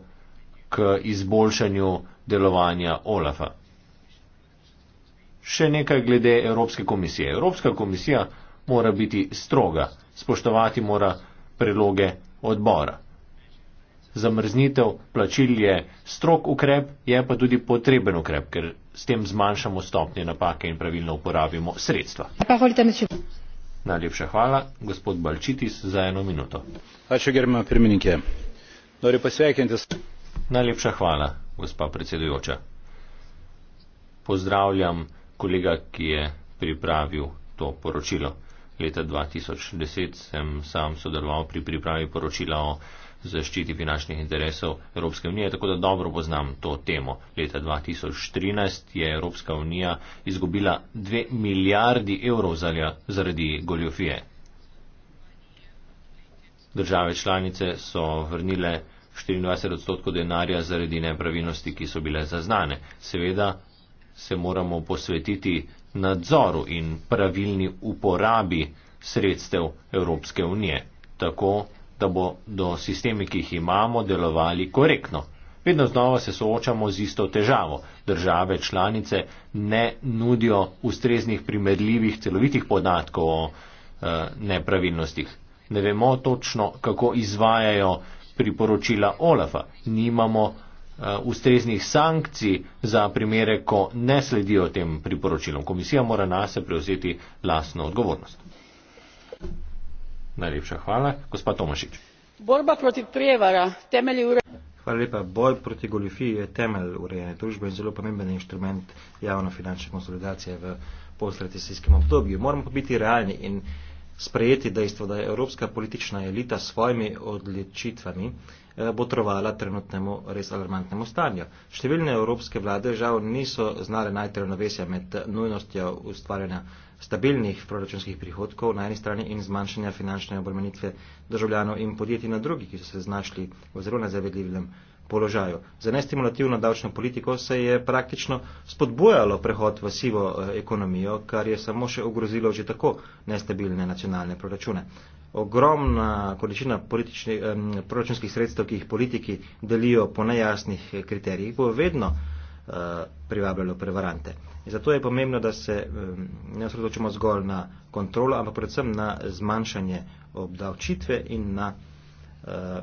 k izboljšanju delovanja OLAF-a. Še nekaj glede Evropske komisije. Evropska komisija mora biti stroga, spoštovati mora predloge odbora. Zamrznitev plačil je strok ukrep, je pa tudi potreben ukrep, ker s tem zmanjšamo stopnje napake in pravilno uporabimo sredstva. Najlepša hvala, gospod Balčitis, za eno minuto. Najlepša hvala, gospa predsedujoča. Pozdravljam kolega, ki je pripravil to poročilo. Leta 2010 sem sam sodeloval pri pripravi poročila o zaščiti finančnih interesov Evropske unije, tako da dobro poznam to temo. Leta 2013 je Evropska unija izgubila 2 milijardi evrov zaradi goljofije. Države članice so vrnile 24 odstotkov denarja zaradi nepravilnosti, ki so bile zaznane. Seveda se moramo posvetiti nadzoru in pravilni uporabi sredstev Evropske unije, tako da bodo sistemi, ki jih imamo, delovali korektno. Vedno znova se soočamo z isto težavo. Države članice ne nudijo ustreznih primerljivih celovitih podatkov o e, nepravilnostih. Ne vemo točno, kako izvajajo priporočila Olafa. Nimamo Eh, ustreznih sankcij za primere, ko ne sledijo tem priporočilom. Komisija mora na se prevzeti lasno odgovornost. Najlepša hvala. Gospa Tomašič.
Borba proti prijevara, temelji ure.
Hvala lepa. Boj proti
goljofiji je temelj urejene družbe in zelo pomemben inštrument javno-finančne konsolidacije v postrecesijskem obdobju. Moramo pa biti realni in sprejeti dejstvo, da je evropska politična elita s svojimi odločitvami eh, botrovala trenutnemu res alarmantnemu stanju. Številne evropske vlade žal niso znale najti ravnovesja med nujnostjo ustvarjanja stabilnih proračunskih prihodkov na eni strani in zmanjšanja finančne obremenitve državljanov in podjetij na drugi, ki so se znašli v zelo nezavedljivem položaju. Za nestimulativno davčno politiko se je praktično spodbojalo prehod v sivo eh, ekonomijo, kar je samo še ogrozilo že tako nestabilne nacionalne proračune. Ogromna količina eh, proračunskih sredstev, ki jih politiki delijo po nejasnih eh, kriterijih, bo vedno eh, privabljalo prevarante. In zato je pomembno, da se eh, ne osredočimo zgolj na kontrolo, ampak predvsem na zmanjšanje obdavčitve in na eh,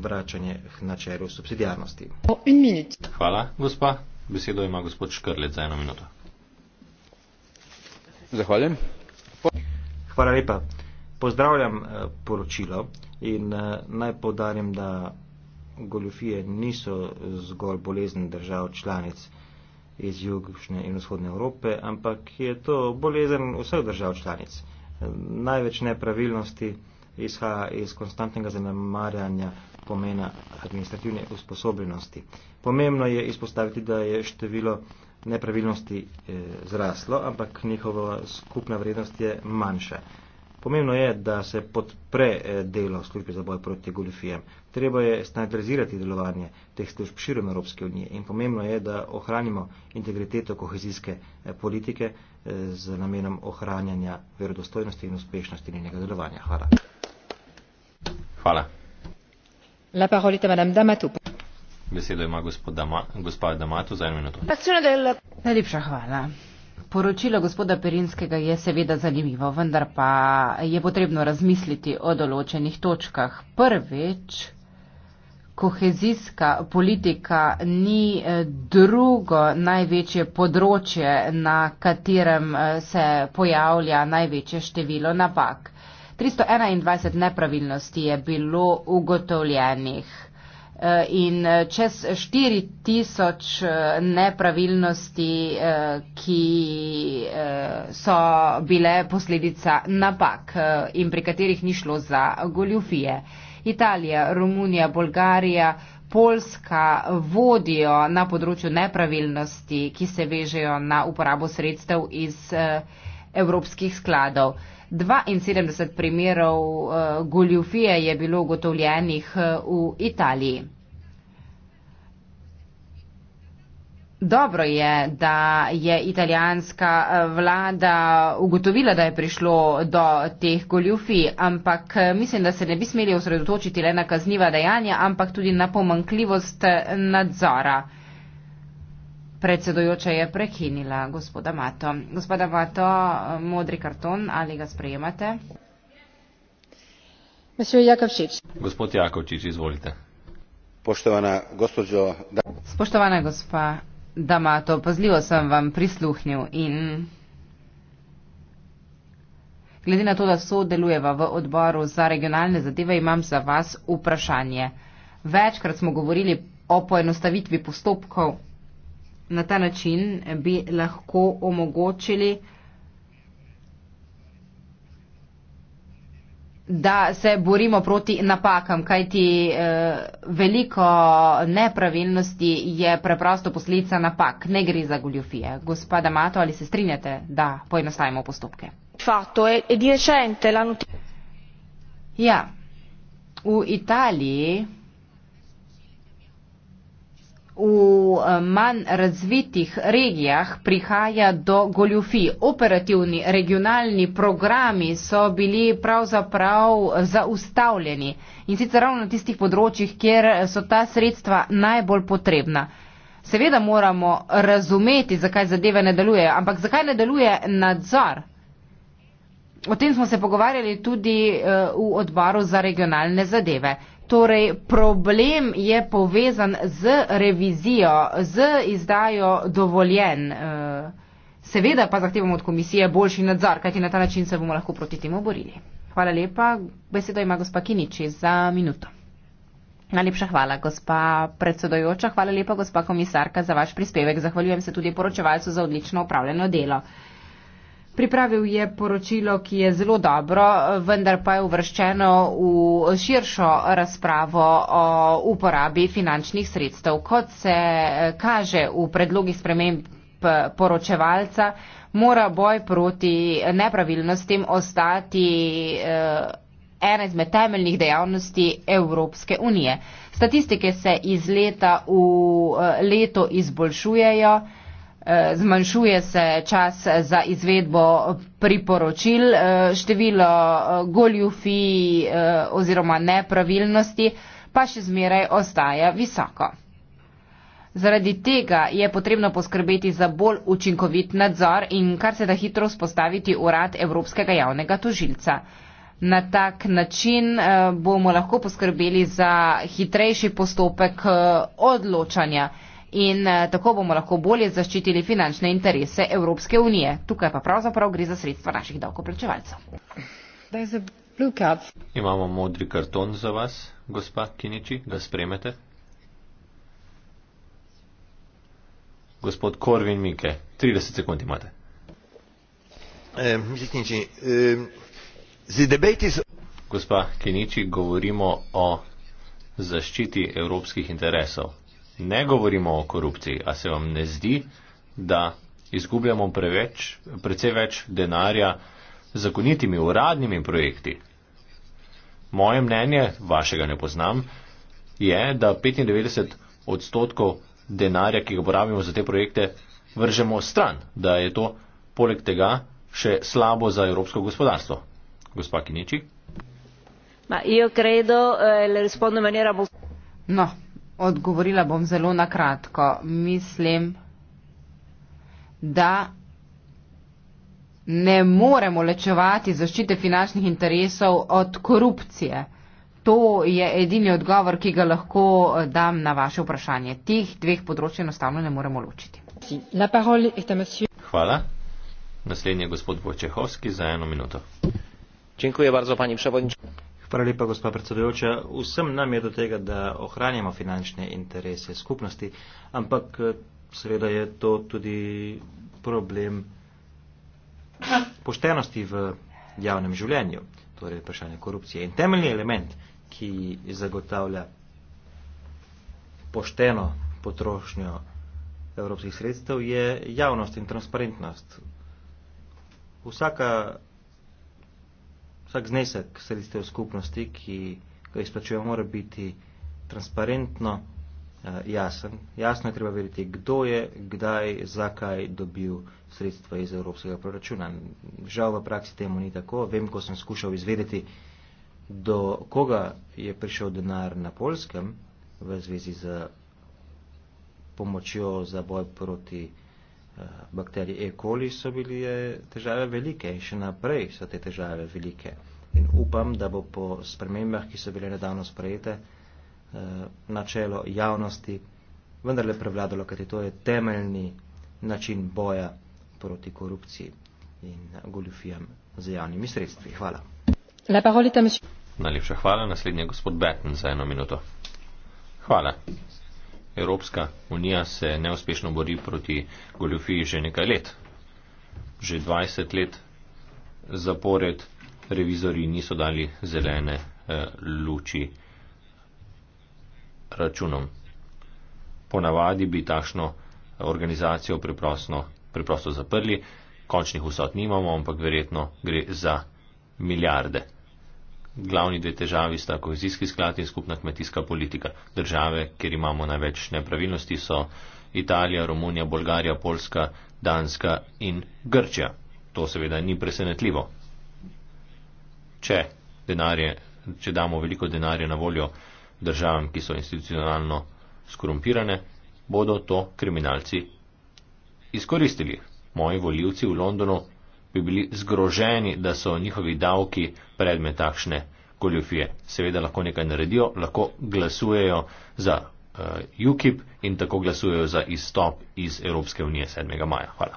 vračanje k načelu subsidijarnosti.
Hvala, gospa. Besedo ima gospod Škrlec za eno minuto. Zahvaljujem. Hvala lepa. Pozdravljam eh,
poročilo in eh, naj povdarim, da goljofije niso zgolj bolezen držav članic iz jugošnje in vzhodne Evrope, ampak je to bolezen vseh držav članic. Eh, največ nepravilnosti izhaja iz konstantnega zanemarjanja pomena administrativne usposobljenosti. Pomembno je izpostaviti, da je število nepravilnosti eh, zraslo, ampak njihova skupna vrednost je manjša. Pomembno je, da se podpre eh, delo službe za boj proti goljofijem. Treba je standardizirati delovanje teh služb širom Evropske unije in pomembno je, da ohranimo integriteto kohezijske eh, politike z namenom ohranjanja verodostojnosti in uspešnosti njenega delovanja. Hvala.
Hvala.
Najlepša hvala. Poročilo gospoda Perinskega je seveda zanimivo, vendar pa je potrebno razmisliti o določenih točkah. Prvič, kohezijska politika ni eh, drugo največje področje, na katerem eh, se pojavlja največje število napak. 321 nepravilnosti je bilo ugotovljenih e, in e, čez 4000 e, nepravilnosti, ki so bile posledica napak in pri katerih ni šlo za goljufije. Italija, Romunija, Bolgarija, Poljska vodijo na področju nepravilnosti, ki se vežejo na uporabo sredstev iz evropskih skladov. 72 primerov eh, goljufije je bilo ugotovljenih eh, v Italiji. Dobro je, da je italijanska eh, vlada ugotovila, da je prišlo do teh goljufij, ampak mislim, da se ne bi smeli osredotočiti le na kazniva dejanja, ampak tudi na pomankljivost nadzora. Predsedujoča je prekinila gospoda Mato. Gospoda Mato, modri karton, ali ga sprejemate?
Gospod Jakovčič, izvolite. Poštovana gospođo. Da...
Spoštovana gospa Damato, pazljivo sem vam prisluhnil in glede na to, da sodelujeva v odboru za regionalne zadeve, imam za vas vprašanje. Večkrat smo govorili o poenostavitvi postopkov na ta način bi lahko omogočili, da se borimo proti napakam, kajti eh, veliko nepravilnosti je preprosto posledica napak, ne gre za goljofije. Gospoda Mato, ali se strinjate, da poenostavimo postopke? Ja, v Italiji V eh, manj razvitih regijah prihaja do goljufi. Operativni regionalni programi so bili pravzaprav eh, zaustavljeni in sicer ravno na tistih področjih, kjer so ta sredstva najbolj potrebna. Seveda moramo razumeti, zakaj zadeve ne delujejo, ampak zakaj ne deluje nadzor? O tem smo se pogovarjali tudi eh, v odboru za regionalne zadeve. Torej, problem je povezan z revizijo, z izdajo dovoljen. Eh, seveda pa zahtevamo od komisije boljši nadzor, kajti na ta način se bomo lahko proti temu borili. Hvala lepa. Besedo ima gospa Kiniči za minuto. Najlepša hvala, gospa predsedojoča. Hvala lepa, gospa komisarka, za vaš prispevek. Zahvaljujem se tudi poročevalcu za odlično upravljeno delo. Pripravil je poročilo, ki je zelo dobro, vendar pa je uvrščeno v širšo razpravo o uporabi finančnih sredstev. Kot se eh, kaže v predlogih sprememb poročevalca, mora boj proti nepravilnostim ostati eh, ena izmed temeljnih dejavnosti Evropske unije. Statistike se iz leta v eh, leto izboljšujejo. Eh, zmanjšuje se čas za izvedbo priporočil, eh, število eh, goljufij oziroma nepravilnosti pa še zmeraj ostaja visoko. Zaradi tega je potrebno poskrbeti za bolj učinkovit nadzor in kar se da hitro vzpostaviti urad Evropskega javnega tožilca. Na tak način bomo lahko poskrbeli za hitrejši postopek odločanja in eh, tako bomo lahko bolje zaščitili finančne interese Evropske unije. Tukaj pa pravzaprav gre za sredstva naših davkoplačevalcev.
Imamo modri karton za vas, gospa Kiniči, da spremete. Gospod Korvin Mike, 30 sekund imate. Eh, eh, gospa Kiniči, govorimo o zaščiti evropskih interesov ne govorimo o korupciji, a se vam ne zdi, da izgubljamo preveč, precej več denarja z zakonitimi uradnimi projekti. Moje mnenje, vašega ne poznam, je, da 95 odstotkov denarja, ki ga porabimo za te projekte, vržemo stran, da je to poleg tega še slabo za evropsko gospodarstvo. Gospa Kiniči?
Eh, no, Odgovorila bom zelo na kratko. Mislim, da ne moremo lečevati zaščite finančnih interesov od korupcije. To je edini odgovor, ki ga lahko eh, dam na vaše vprašanje. Tih dveh področji enostavno ne moremo ločiti.
Hvala. Naslednji je gospod Vojčehovski za eno minuto.
Hvala lepa, gospod predsedujoča. Vsem nam je do tega, da ohranjamo finančne interese skupnosti, ampak seveda je to tudi problem poštenosti v javnem življenju, torej vprašanje korupcije. In temeljni element, ki zagotavlja pošteno potrošnjo evropskih sredstev, je javnost in transparentnost. Vsaka vsak znesek sredstev skupnosti, ki ga izplačuje, mora biti transparentno eh, jasen. Jasno je treba veriti, kdo je, kdaj, zakaj dobil sredstva iz evropskega proračuna. Žal v praksi temu ni tako. Vem, ko sem skušal izvedeti, do koga je prišel denar na Polskem v zvezi z pomočjo za boj proti bakterij E. coli so bile težave velike in še naprej so te težave velike. In upam, da bo po spremembah, ki so bile nedavno sprejete, eh, načelo javnosti vendarle prevladalo, kajti to je temeljni način boja proti korupciji
in goljufijam za javnimi sredstvi. Hvala. Najlepša hvala. Naslednji je gospod Betten za eno minuto. Hvala. Evropska unija se neuspešno bori proti goljofiji že nekaj let. Že 20 let zapored revizori niso dali zelene eh, luči računom. Ponavadi bi takšno organizacijo preprosto, preprosto zaprli, končnih vsot nimamo, ampak verjetno gre za milijarde glavni dve težavi sta kohezijski sklad in skupna kmetijska politika. Države, kjer imamo največ nepravilnosti, so Italija, Romunija, Bolgarija, Poljska, Danska in Grčija. To seveda ni presenetljivo. Če, denarje, če damo veliko denarja na voljo državam, ki so institucionalno skorumpirane, bodo to kriminalci izkoristili. Moji voljivci v Londonu bi bili zgroženi, da so njihovi davki predmet takšne goljofije. Seveda lahko nekaj naredijo, lahko glasujejo za uh, UKIP in tako glasujejo za izstop iz Evropske unije 7. maja. Hvala.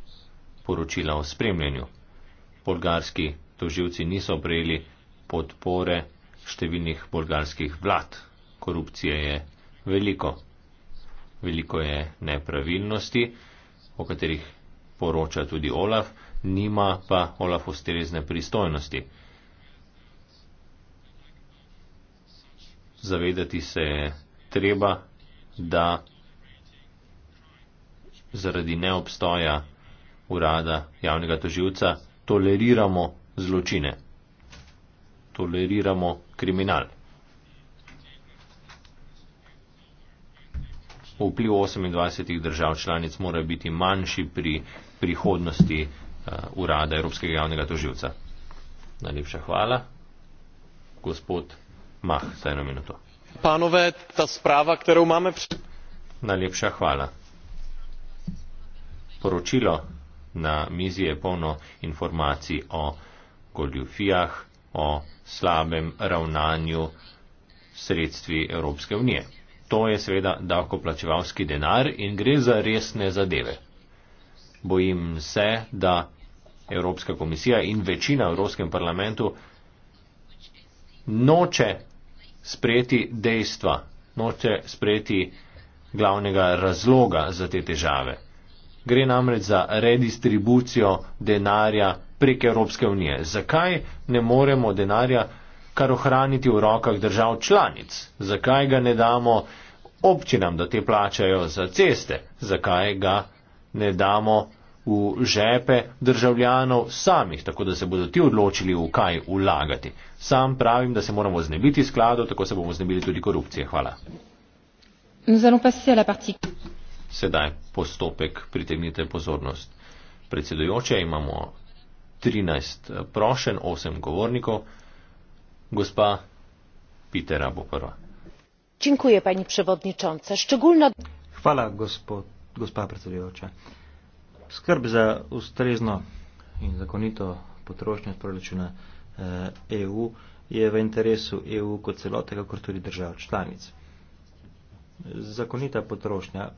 poročila o spremljanju. Bolgarski toživci niso prejeli podpore številnih bolgarskih vlad. Korupcije je veliko. Veliko je nepravilnosti, o katerih poroča tudi Olaf, nima pa Olaf ustrezne pristojnosti. Zavedati se je treba, da zaradi neobstoja urada javnega toživca toleriramo zločine, toleriramo kriminal. Vpliv 28 držav članic mora biti manjši pri prihodnosti uh, urada Evropskega javnega toživca. Najlepša hvala. Gospod Mah, za eno minuto.
Panove, ta sprava, ki jo imamo pred.
Najlepša hvala. Poročilo Na mizi je polno informacij o goljufijah, o slabem ravnanju sredstvi Evropske unije. To je seveda davkoplačevalski denar in gre za resne zadeve. Bojim se, da Evropska komisija in večina v Evropskem parlamentu noče sprejeti dejstva, noče sprejeti glavnega razloga za te težave. Gre namreč za redistribucijo denarja prek Evropske unije. Zakaj ne moremo denarja kar ohraniti v rokah držav članic? Zakaj ga ne damo občinam, da te plačajo za ceste? Zakaj ga ne damo v žepe državljanov samih, tako da se bodo ti odločili, v kaj vlagati? Sam pravim, da se moramo znebiti skladov, tako se bomo znebili tudi korupcije. Hvala sedaj postopek pritegnite pozornost. Predsedujoče imamo 13 prošen, 8 govornikov. Gospa Pitera bo prva.
Činkuje, pani predsednica. Ščegulno...
Hvala,
gospod, gospa predsedujoča. Skrb za ustrezno in zakonito potrošnjo proračuna eh, EU je v interesu EU kot celote, kakor tudi držav članic zakonita potrošnja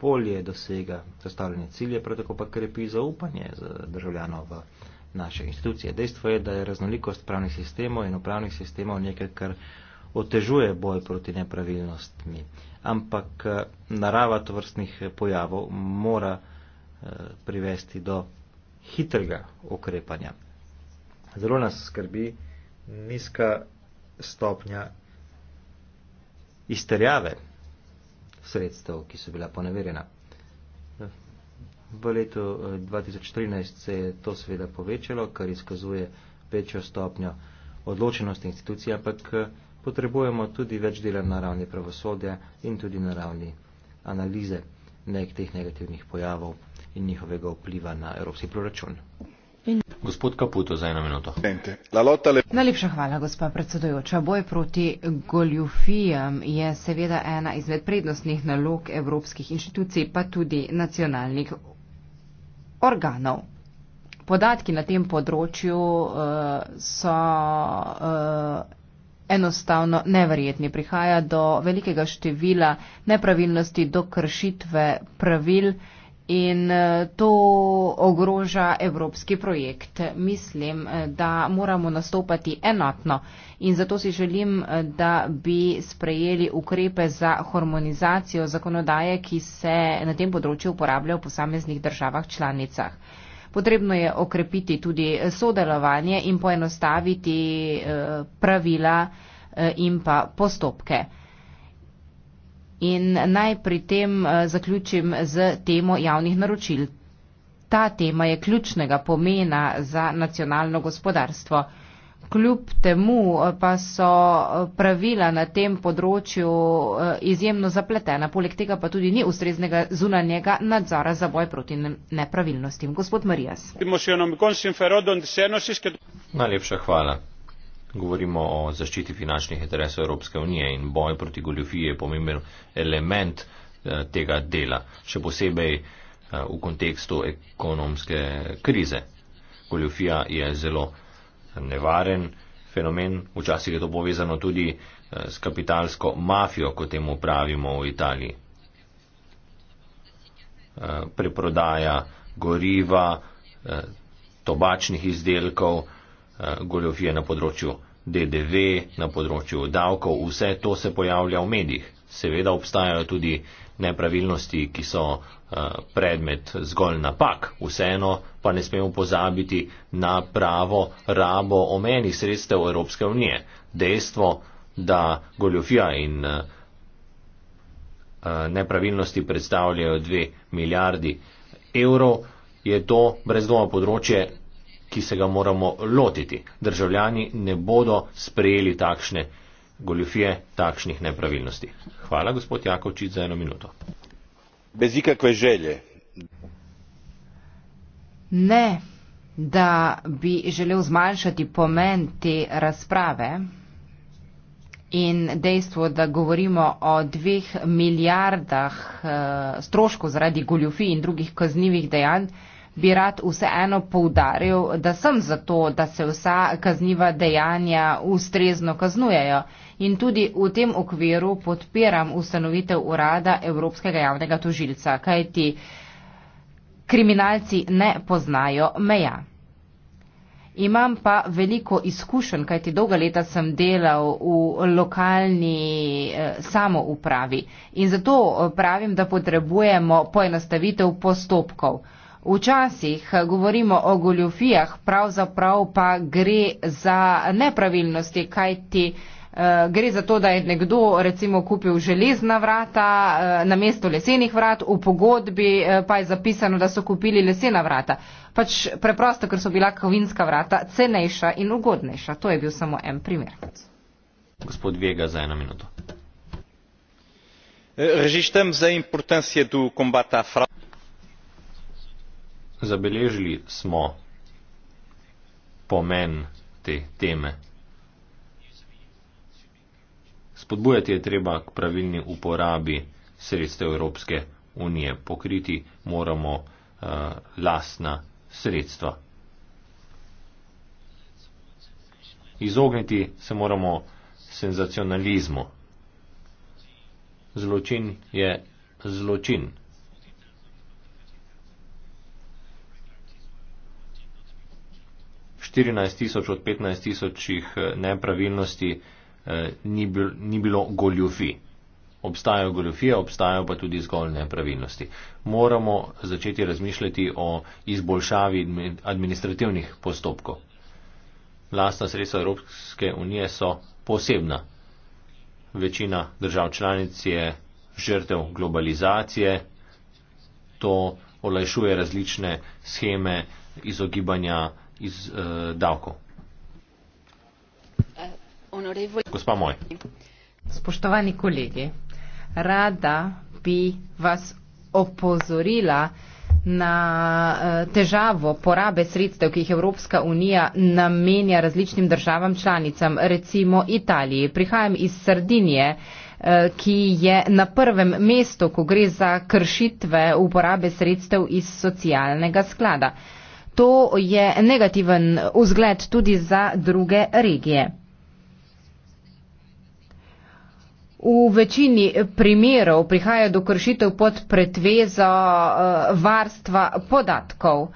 bolje dosega zastavljene cilje, prav tako pa krepi zaupanje za državljanov v naše institucije. Dejstvo je, da je raznolikost pravnih sistemov in upravnih sistemov nekaj, kar otežuje boj proti nepravilnostmi. Ampak eh, narava tovrstnih pojavov mora eh, privesti do hitrega okrepanja. Zelo nas skrbi nizka stopnja izterjave sredstev, ki so bila poneverjena. V letu 2014 eh, se je to seveda povečalo, kar izkazuje večjo stopnjo odločenosti institucij, ampak eh, potrebujemo tudi več dela na ravni pravosodja in tudi na ravni analize nek teh negativnih pojavov in njihovega vpliva na evropski proračun.
In...
Gospod Kaputo, za eno minuto.
Le...
Najlepša hvala, gospa predsedojoča. Boj proti goljufijam je seveda ena izmed prednostnih nalog evropskih inštitucij, pa tudi nacionalnih organov. Podatki na tem področju uh, so. Uh, Enostavno neverjetni prihaja do velikega števila nepravilnosti, do kršitve pravil in eh, to ogroža evropski projekt. Mislim, eh, da moramo nastopati enotno in zato si želim, eh, da bi sprejeli ukrepe za harmonizacijo zakonodaje, ki se na tem področju uporablja v posameznih državah članicah. Potrebno je okrepiti tudi sodelovanje in poenostaviti pravila in pa postopke. In naj pri tem eh, zaključim z temo javnih naročil. Ta tema je ključnega pomena za nacionalno gospodarstvo. Kljub temu eh, pa so eh, pravila na tem področju izjemno zapletena, poleg tega pa tudi ni ustreznega zunanjega nadzora za boj proti nepravilnostim. Gospod Marijas.
Najlepša hvala. Govorimo o zaščiti finančnih interesov Evropske unije in boj proti goljofiji je pomemben element eh, tega dela, še posebej eh, v kontekstu ekonomske krize. Goljofija je zelo nevaren fenomen, včasih je to povezano tudi eh, s kapitalsko mafijo, kot temu pravimo v Italiji. Preprodaja goriva, tobačnih izdelkov, goljofije na področju DDV, na področju davkov, vse to se pojavlja v medijih. Seveda obstajajo tudi nepravilnosti, ki so eh, predmet zgolj napak. Vseeno pa ne smemo pozabiti na pravo rabo omenih sredstev Evropske unije. Dejstvo, da goljofija in eh, eh, nepravilnosti predstavljajo 2 milijardi evrov, je to brez dvoma področje, ki se ga moramo lotiti. Državljani ne bodo sprejeli takšne goljufije, takšnih nepravilnosti. Hvala, gospod Jakovčič, za eno minuto. Bez ikakve želje.
Ne, da bi želel zmanjšati pomen te razprave in dejstvo, da govorimo o dveh milijardah eh, stroškov zaradi goljufij in drugih kaznjivih dejanj, bi rad vseeno poudaril, da sem za to, da se vsa kazniva dejanja ustrezno kaznujejo in tudi v tem okviru podpiram ustanovitev urada Evropskega javnega tožilca, kajti kriminalci ne poznajo meja. Imam pa veliko izkušenj, kajti dolga leta sem delal v lokalni eh, samoupravi in zato eh, pravim, da potrebujemo poenostavitev postopkov. Včasih govorimo o goljofijah, pravzaprav pa gre za nepravilnosti, kajti uh, gre za to, da je nekdo recimo kupil železna vrata uh, eh, na mesto lesenih vrat, v pogodbi uh, pa je zapisano, da so kupili lesena vrata. Pač preprosto, ker so bila kovinska vrata cenejša in ugodnejša. To je bil samo en primer.
Gospod Vega za eno minuto. Režištem za importancijo
do kombata Francije
zabeležili smo pomen te teme. Spodbujati je treba k pravilni uporabi sredstev Evropske unije. Pokriti moramo uh, eh, lasna sredstva. Izogniti se moramo senzacionalizmu. Zločin je zločin. 14 tisoč od 15 tisočih eh, nepravilnosti eh, ni, bil, ni bilo goljufi. Obstajajo goljufije, obstajajo pa tudi zgolj nepravilnosti. Moramo začeti razmišljati o izboljšavi administrativnih postopkov. Vlastna sredstva Evropske unije so posebna. Večina držav članic je žrtev globalizacije. To olajšuje različne scheme izogibanja iz uh, davkov.
Spoštovani kolegi, rada bi vas opozorila na eh, težavo porabe sredstev, ki jih Evropska unija namenja različnim državam članicam, recimo Italiji. Prihajam iz Sardinije, eh, ki je na prvem mestu, ko gre za kršitve uporabe sredstev iz socialnega sklada. To je negativen vzgled tudi za druge regije. V večini primerov prihaja do kršitev pod pretvezo eh, varstva podatkov.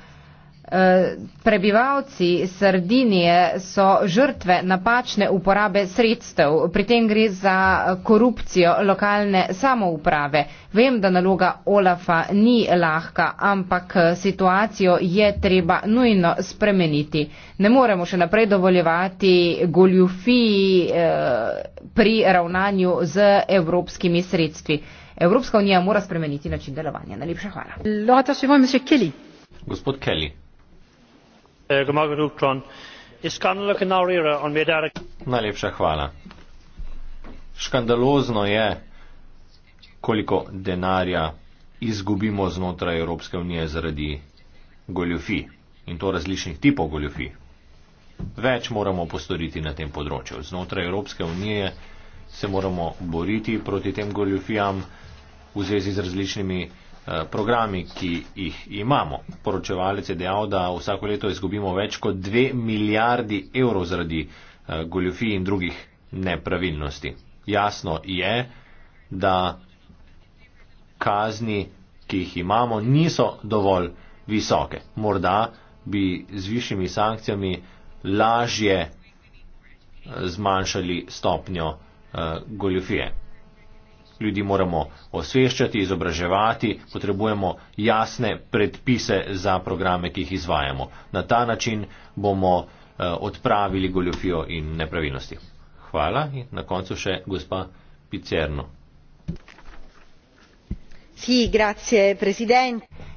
Eh, prebivalci Sardinije so žrtve napačne uporabe sredstev, pri tem gre za korupcijo lokalne samouprave. Vem, da naloga Olafa ni lahka, ampak eh, situacijo je treba nujno spremeniti. Ne moremo še naprej dovoljevati goljufiji eh, pri ravnanju z evropskimi sredstvi. Evropska unija mora spremeniti način delovanja. Najlepša hvala.
Gospod Kelly najlepša hvala. Škandalozno je, koliko denarja izgubimo znotraj Evropske unije zaradi goljofi in to različnih tipov goljofi. Več moramo postoriti na tem področju. Znotraj Evropske unije se moramo boriti proti tem goljofijam v zvezi z različnimi Eh, programi, ki jih imamo. Poročevalec je dejal, da vsako leto izgubimo več kot 2 milijardi evrov zaradi eh, goljofij in drugih nepravilnosti. Jasno je, da kazni, ki jih imamo, niso dovolj visoke. Morda bi z višjimi sankcijami lažje eh, zmanjšali stopnjo goljofije ljudi moramo osveščati, izobraževati, potrebujemo jasne predpise za programe, ki jih izvajamo. Na ta način bomo eh, odpravili goljofijo in nepravilnosti. Hvala. In na koncu še gospa Picerno.
Sì, grazie,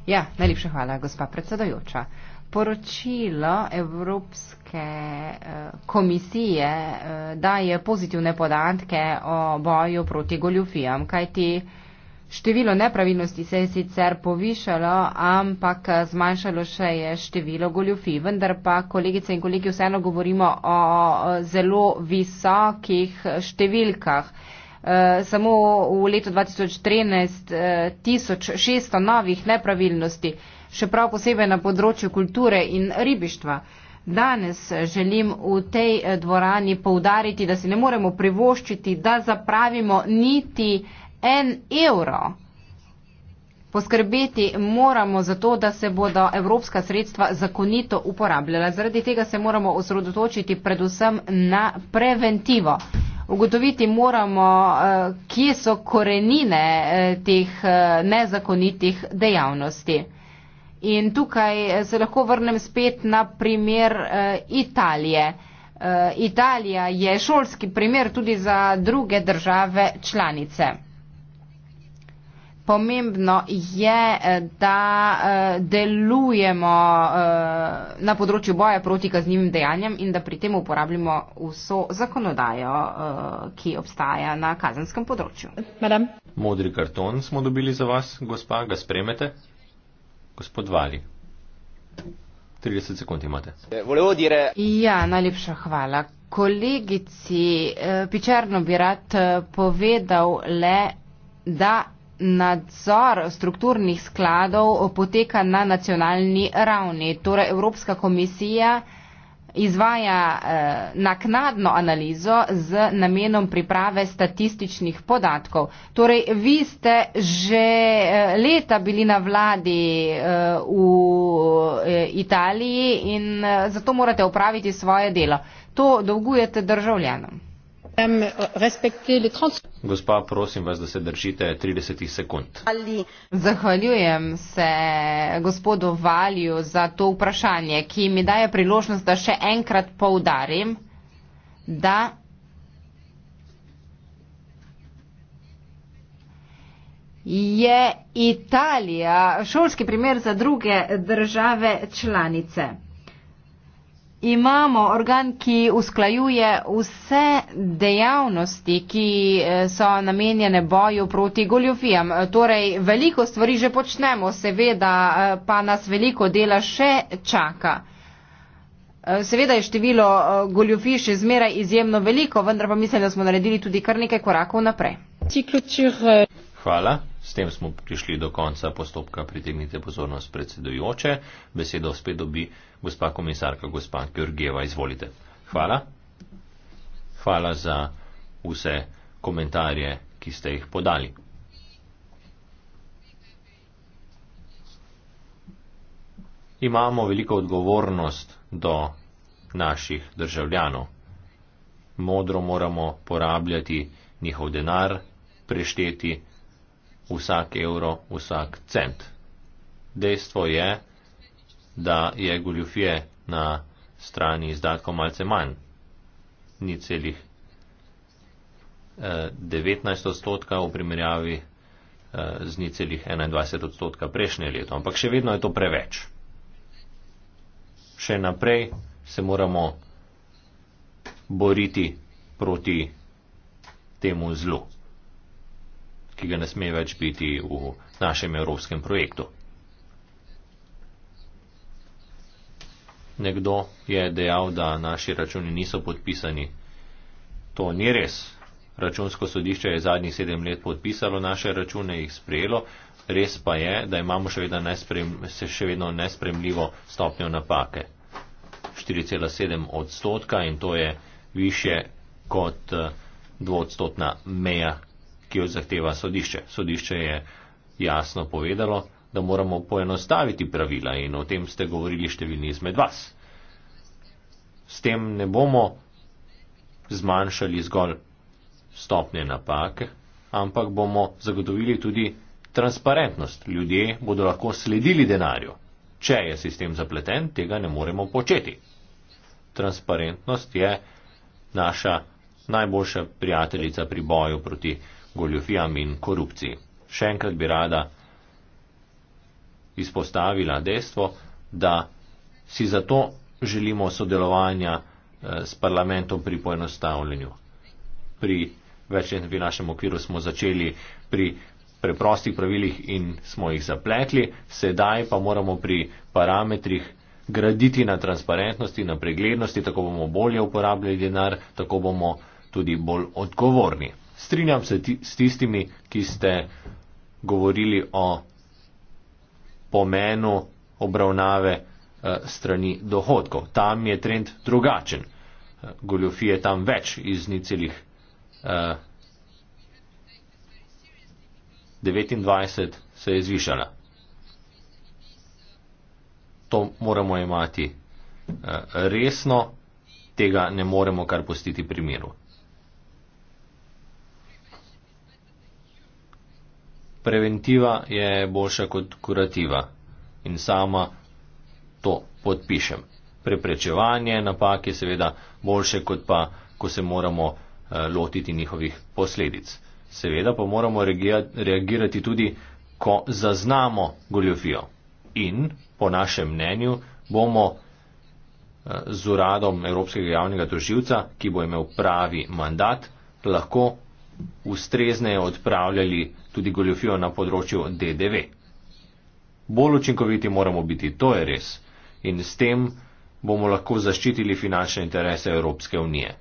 ja, najlepša hvala, gospa predsedajoča poročilo Evropske eh, komisije eh, daje pozitivne podatke o boju proti goljufijam, kajti število nepravilnosti se je sicer povišalo, ampak zmanjšalo še je število goljufij. Vendar pa, kolegice in kolegi, vseeno govorimo o zelo visokih številkah. Eh, samo v letu 2013 1600 novih nepravilnosti še prav posebej na področju kulture in ribištva. Danes želim v tej eh, dvorani poudariti, da si ne moremo privoščiti, da zapravimo niti en evro. Poskrbeti moramo za to, da se bodo evropska sredstva zakonito uporabljala. Zaradi tega se moramo osredotočiti predvsem na preventivo. Ugotoviti moramo, eh, kje so korenine eh, teh nezakonitih dejavnosti. In tukaj eh, se lahko vrnem spet na primer eh, Italije. Eh, Italija je šolski primer tudi za druge države članice. Pomembno je, da delujemo na področju boja proti kaznjivim dejanjem in da pri tem uporabljamo vso zakonodajo, ki obstaja na kazenskem področju. Madame.
Modri karton smo dobili za vas, gospa, ga spremete? Gospod Vali. 30 sekund imate.
Eh, volevo dire. Ja, najlepša hvala. Kolegici eh, Pičarno bi rad eh, povedal le, da nadzor strukturnih skladov poteka na nacionalni ravni. Torej, Evropska komisija izvaja eh, naknadno analizo z namenom priprave statističnih podatkov. Torej, vi ste že eh, leta bili na vladi eh, v eh, Italiji in eh, zato morate opraviti svoje delo. To dolgujete državljanom.
Gospa, prosim vas, da se držite 30 sekund.
Zahvaljujem se gospodu Valju za to vprašanje, ki mi daje priložnost, da še enkrat poudarim, da. Je Italija šolski primer za druge države članice imamo organ, ki usklajuje vse dejavnosti, ki eh, so namenjene boju proti goljofijam. Torej, veliko stvari že počnemo, seveda eh, pa nas veliko dela še čaka. Eh, seveda je število goljofij še zmeraj izjemno veliko, vendar pa mislim, da smo naredili tudi kar nekaj korakov naprej.
Hvala. S tem smo prišli do konca postopka, pritegnite pozornost predsedujoče. Besedo spet dobi gospa komisarka, gospa Georgieva, izvolite. Hvala. Hvala za vse komentarje, ki ste jih podali. Imamo veliko odgovornost do naših državljanov. Modro moramo porabljati njihov denar, prešteti vsak evro, vsak cent. Dejstvo je, da je goljufije na strani izdatkov malce manj, ni celih 19 eh, odstotka v primerjavi eh, z ni celih 21 odstotka prejšnje leto, ampak še vedno je to preveč. Še naprej se moramo boriti proti temu zlu ki ga ne sme več biti v našem evropskem projektu. Nekdo je dejal, da naši računi niso podpisani. To ni res. Računsko sodišče je zadnjih sedem let podpisalo naše račune, jih sprejelo. Res pa je, da imamo še vedno, nesprem, še vedno nespremljivo stopnjo napake. 4,7 odstotka in to je više kot eh, dvodstotna meja, ki jo zahteva sodišče. Sodišče je jasno povedalo, da moramo poenostaviti pravila in o tem ste govorili številni izmed vas. S tem ne bomo zmanjšali zgolj stopne napake, ampak bomo zagotovili tudi transparentnost. Ljudje bodo lahko sledili denarju. Če je sistem zapleten, tega ne moremo početi. Transparentnost je naša najboljša prijateljica pri boju proti goljofijam in korupciji. Še enkrat bi rada izpostavila dejstvo, da si zato želimo sodelovanja eh, s parlamentom pri poenostavljanju. Pri večjem našem okviru smo začeli pri preprostih pravilih in smo jih zapletli, sedaj pa moramo pri parametrih graditi na transparentnosti, na preglednosti, tako bomo bolje uporabljali denar, tako bomo tudi bolj odgovorni strinjam se ti, s tistimi, ki ste govorili o pomenu obravnave uh, strani dohodkov. Tam je trend drugačen. Uh, eh, goljofije tam več iz nicelih uh, 29 se je zvišala. To moramo imati uh, resno, tega ne moremo kar postiti primeru. preventiva je boljša kot kurativa in sama to podpišem. Preprečevanje napak je seveda boljše kot pa, ko se moramo eh, lotiti njihovih posledic. Seveda pa moramo reagirati tudi, ko zaznamo goljofijo in po našem mnenju bomo eh, z uradom Evropskega javnega toživca, ki bo imel pravi mandat, lahko ustrezneje odpravljali tudi goljofijo na področju DDV. Bolj učinkoviti moramo biti, to je res, in s tem bomo lahko zaščitili finančne interese Evropske unije.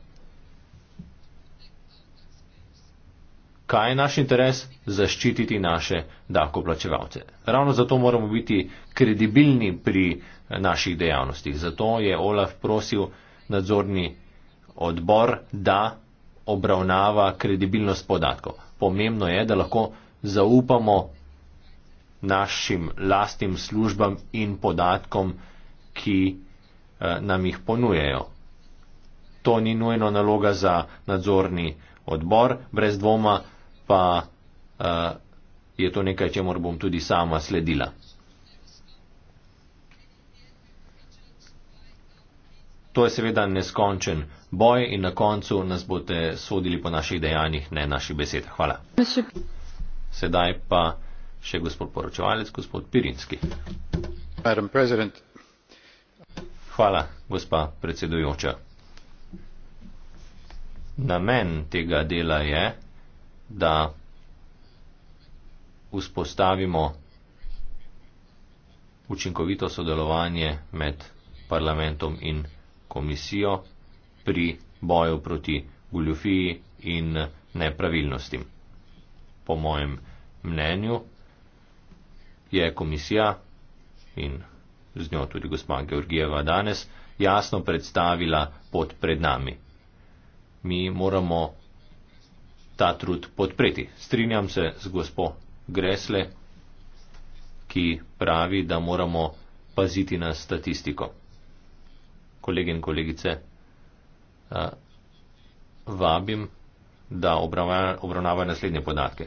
Kaj je naš interes? Zaščititi naše davkoplačevalce. Ravno zato moramo biti kredibilni pri eh, naših dejavnostih. Zato je Olaf prosil nadzorni odbor, da obravnava kredibilnost podatkov. Pomembno je, da lahko zaupamo našim lastnim službam in podatkom, ki eh, nam jih ponujejo. To ni nujno naloga za nadzorni odbor, brez dvoma pa eh, je to nekaj, če mora bom tudi sama sledila. To je seveda neskončen boj in na koncu nas boste sodili po naših dejanjih, ne naših besedah. Hvala. Sedaj pa še gospod poročevalec, gospod Pirinski. Hvala, gospa predsedujoča. Namen tega dela je, da vzpostavimo učinkovito sodelovanje med parlamentom in komisijo pri boju proti goljofiji in nepravilnostim. Po mojem mnenju je komisija in z njo tudi gospa Georgijeva danes jasno predstavila pot pred nami. Mi moramo ta trud podpreti. Strinjam se z gospo Gresle, ki pravi, da moramo paziti na statistiko. Kolegi in kolegice, Eh, vabim, da obravnavajo naslednje podatke.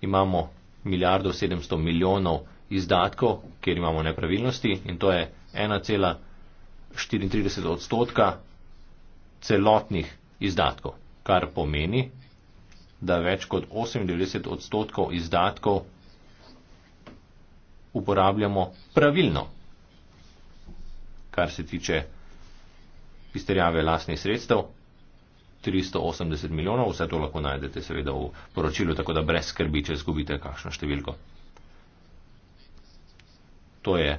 Imamo milijardo 700 milijonov izdatkov, kjer imamo nepravilnosti in to je 1,34 odstotka celotnih izdatkov, kar pomeni, da več kot 98 odstotkov izdatkov uporabljamo pravilno, kar se tiče izterjave lastnih sredstev. 380 milijonov, vse to lahko najdete seveda v poročilu, tako da brez skrbi, če izgubite kakšno številko. To je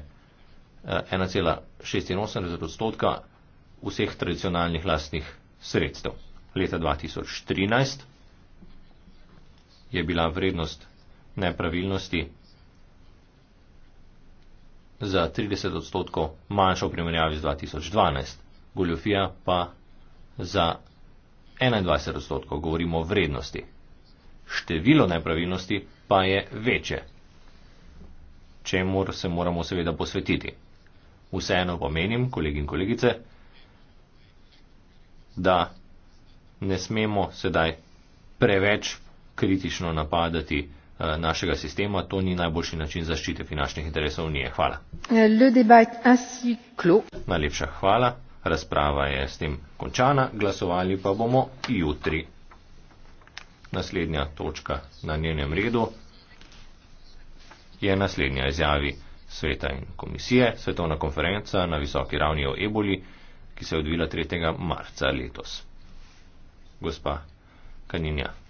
1,86 eh, odstotka vseh tradicionalnih lastnih sredstev. Leta 2013 je bila vrednost nepravilnosti za 30 odstotkov manjša v primerjavi z 2012 goljofija pa za 21 odstotkov, govorimo o vrednosti. Število nepravilnosti pa je večje, čemur se moramo seveda posvetiti. Vseeno pa menim, kolegi in kolegice, da ne smemo sedaj preveč kritično napadati eh, našega sistema, to ni najboljši način zaščite finančnih interesov Unije. Hvala. Najlepša hvala. Razprava je s tem končana, glasovali pa bomo jutri. Naslednja točka na njenem redu je naslednja izjavi sveta in komisije, svetovna konferenca na visoki ravni o eboli, ki se je odvila 3. marca letos. Gospa Kaninja.